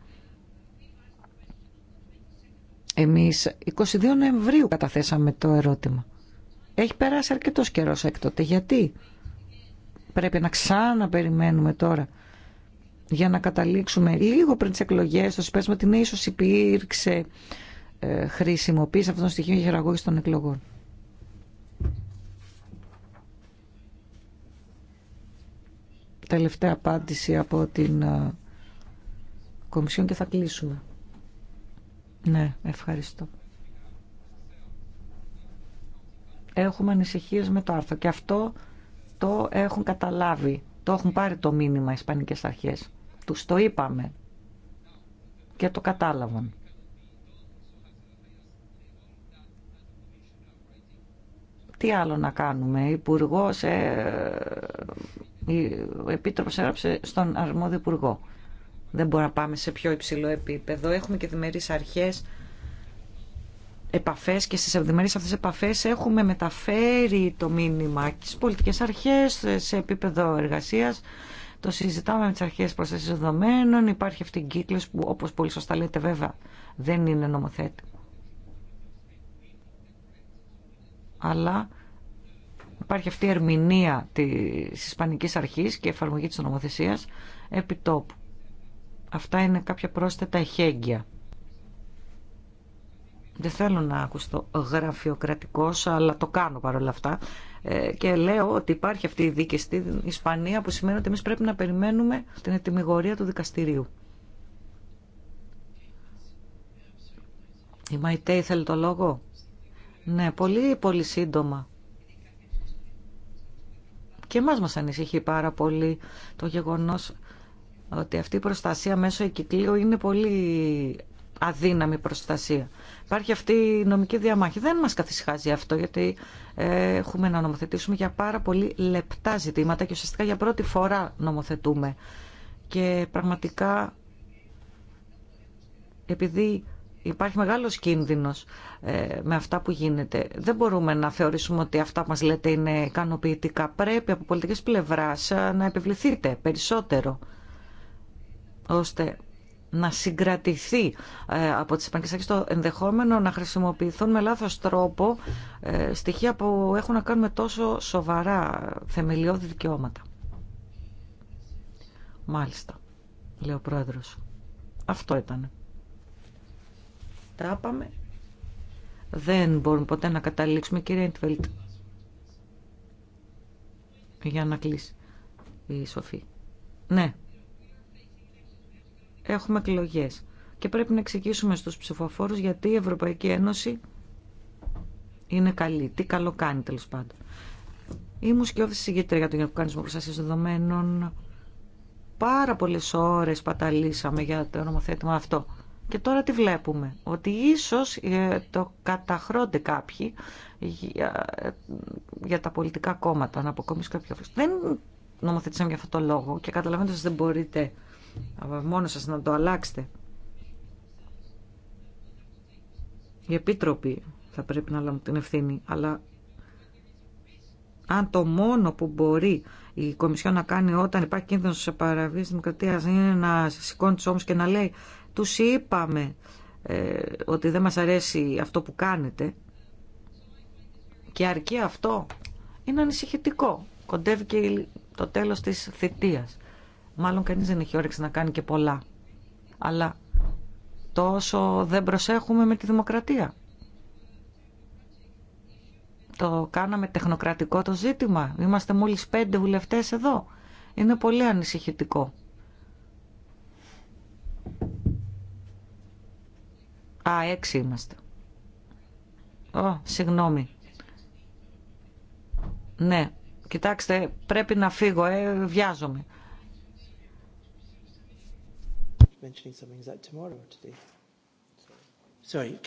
Εμείς 22 Νοεμβρίου καταθέσαμε το ερώτημα. Έχει περάσει αρκετός καιρός έκτοτε. Γιατί πρέπει να ξαναπεριμένουμε τώρα για να καταλήξουμε λίγο πριν τις εκλογές, το συμπέρασμα ότι ναι, ίσως υπήρξε ε, χρησιμοποίηση αυτών των στοιχείων για χειραγώγηση των εκλογών. Τελευταία απάντηση από την ε, Κομισιόν και θα κλείσουμε. Ναι, ευχαριστώ. έχουμε ανησυχίες με το άρθρο και αυτό το έχουν καταλάβει, το έχουν πάρει το μήνυμα οι Ισπανικές Αρχές. Τους το είπαμε και το κατάλαβαν. Τι άλλο να κάνουμε, υπουργό, ε, ο Επίτροπος έγραψε στον αρμόδιο υπουργό. Δεν μπορούμε να πάμε σε πιο υψηλό επίπεδο. Έχουμε και διμερείς αρχές επαφές και στις ευδημερίες αυτές επαφέ έχουμε μεταφέρει το μήνυμα στις πολιτικές αρχές, σε επίπεδο εργασίας. Το συζητάμε με τις αρχές προστασία δεδομένων. Υπάρχει αυτή η κύκλος που όπως πολύ σωστά λέτε βέβαια δεν είναι νομοθέτη. Αλλά υπάρχει αυτή η ερμηνεία της Ισπανικής Αρχής και εφαρμογή της νομοθεσίας επί τόπου. Αυτά είναι κάποια πρόσθετα εχέγγυα δεν θέλω να ακουστώ γραφειοκρατικό αλλά το κάνω παρόλα αυτά. Ε, και λέω ότι υπάρχει αυτή η δίκη στην Ισπανία που σημαίνει ότι εμείς πρέπει να περιμένουμε την ετοιμιγορία του δικαστηρίου. Η Μαϊτέ ήθελε το λόγο. Ναι, πολύ πολύ σύντομα. Και εμάς μας ανησυχεί πάρα πολύ το γεγονός ότι αυτή η προστασία μέσω εκκυκλίου είναι πολύ αδύναμη προστασία. Υπάρχει αυτή η νομική διαμάχη. Δεν μας καθυσχάζει αυτό γιατί ε, έχουμε να νομοθετήσουμε για πάρα πολύ λεπτά ζητήματα και ουσιαστικά για πρώτη φορά νομοθετούμε. Και πραγματικά επειδή υπάρχει μεγάλος κίνδυνος ε, με αυτά που γίνεται. Δεν μπορούμε να θεωρήσουμε ότι αυτά που μας λέτε είναι ικανοποιητικά. Πρέπει από πολιτικές πλευράς να επιβληθείτε περισσότερο ώστε να συγκρατηθεί ε, από τις επαγγελματικές το ενδεχόμενο να χρησιμοποιηθούν με λάθος τρόπο ε, στοιχεία που έχουν να κάνουν με τόσο σοβαρά θεμελιώδη δικαιώματα. Μάλιστα, λέει ο πρόεδρος. Αυτό ήταν. Τα Δεν μπορούμε ποτέ να καταλήξουμε, κύριε Ιντβελτ. Για να κλείσει η Σοφή. Ναι, έχουμε εκλογέ. Και πρέπει να εξηγήσουμε στου ψηφοφόρου γιατί η Ευρωπαϊκή Ένωση είναι καλή. Τι καλό κάνει τέλο πάντων. Ήμουν όθηση συγκεκριτήρια για τον Γενικό Κανονισμό Δεδομένων. Πάρα πολλέ ώρε παταλήσαμε για το νομοθέτημα αυτό. Και τώρα τι βλέπουμε, ότι ίσως ε, το καταχρώνται κάποιοι ε, για, τα πολιτικά κόμματα, να αποκομίσουν κάποιο Δεν νομοθετήσαμε για αυτό το λόγο και καταλαβαίνετε ότι δεν μπορείτε από μόνο σας να το αλλάξετε. Οι επίτροποι θα πρέπει να λάβουν την ευθύνη, αλλά αν το μόνο που μπορεί η Κομισιόν να κάνει όταν υπάρχει κίνδυνο σε παραβίαση Δημοκρατία είναι να σηκώνει τους ώμους και να λέει Του είπαμε ε, ότι δεν μας αρέσει αυτό που κάνετε και αρκεί αυτό είναι ανησυχητικό. Κοντεύει και το τέλος της θητείας. Μάλλον κανείς δεν έχει όρεξη να κάνει και πολλά. Αλλά τόσο δεν προσέχουμε με τη δημοκρατία. Το κάναμε τεχνοκρατικό το ζήτημα. Είμαστε μόλις πέντε βουλευτές εδώ. Είναι πολύ ανησυχητικό. Α, έξι είμαστε. Ω, συγγνώμη. Ναι, κοιτάξτε, πρέπει να φύγω, ε, βιάζομαι. mentioning something. tomorrow or today?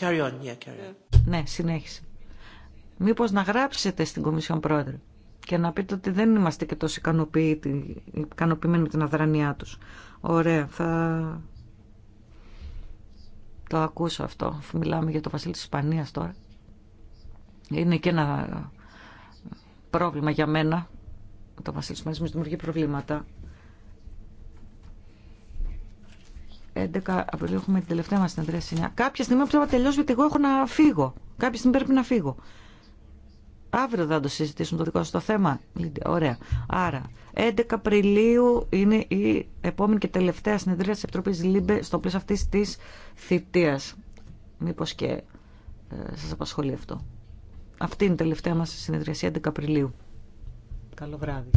carry on. Yeah, carry on. Ναι, συνέχισε. Μήπως να γράψετε στην Κομισιόν Πρόεδρε και να πείτε ότι δεν είμαστε και τόσο ικανοποιημένοι με την αδρανιά τους. Ωραία, θα το ακούσω αυτό. Μιλάμε για το Βασίλη της Ισπανίας τώρα. Είναι και ένα πρόβλημα για μένα. Το Βασίλη της Ισπανίας μου δημιουργεί προβλήματα. 11 Απριλίου έχουμε την τελευταία μας συνεδρία Κάποια στιγμή πρέπει να τελειώσει γιατί εγώ έχω να φύγω. Κάποια στιγμή πρέπει να φύγω. Αύριο θα το συζητήσουμε το δικό σας το θέμα. Ωραία. Άρα, 11 Απριλίου είναι η επόμενη και τελευταία συνεδρία της Επιτροπής ΛΥΜΠΕ στο πλαίσιο αυτής της θητείας. Μήπως και ε, σας απασχολεί αυτό. Αυτή είναι η τελευταία μας συνεδρία, 11 Απριλίου. Καλό βράδυ.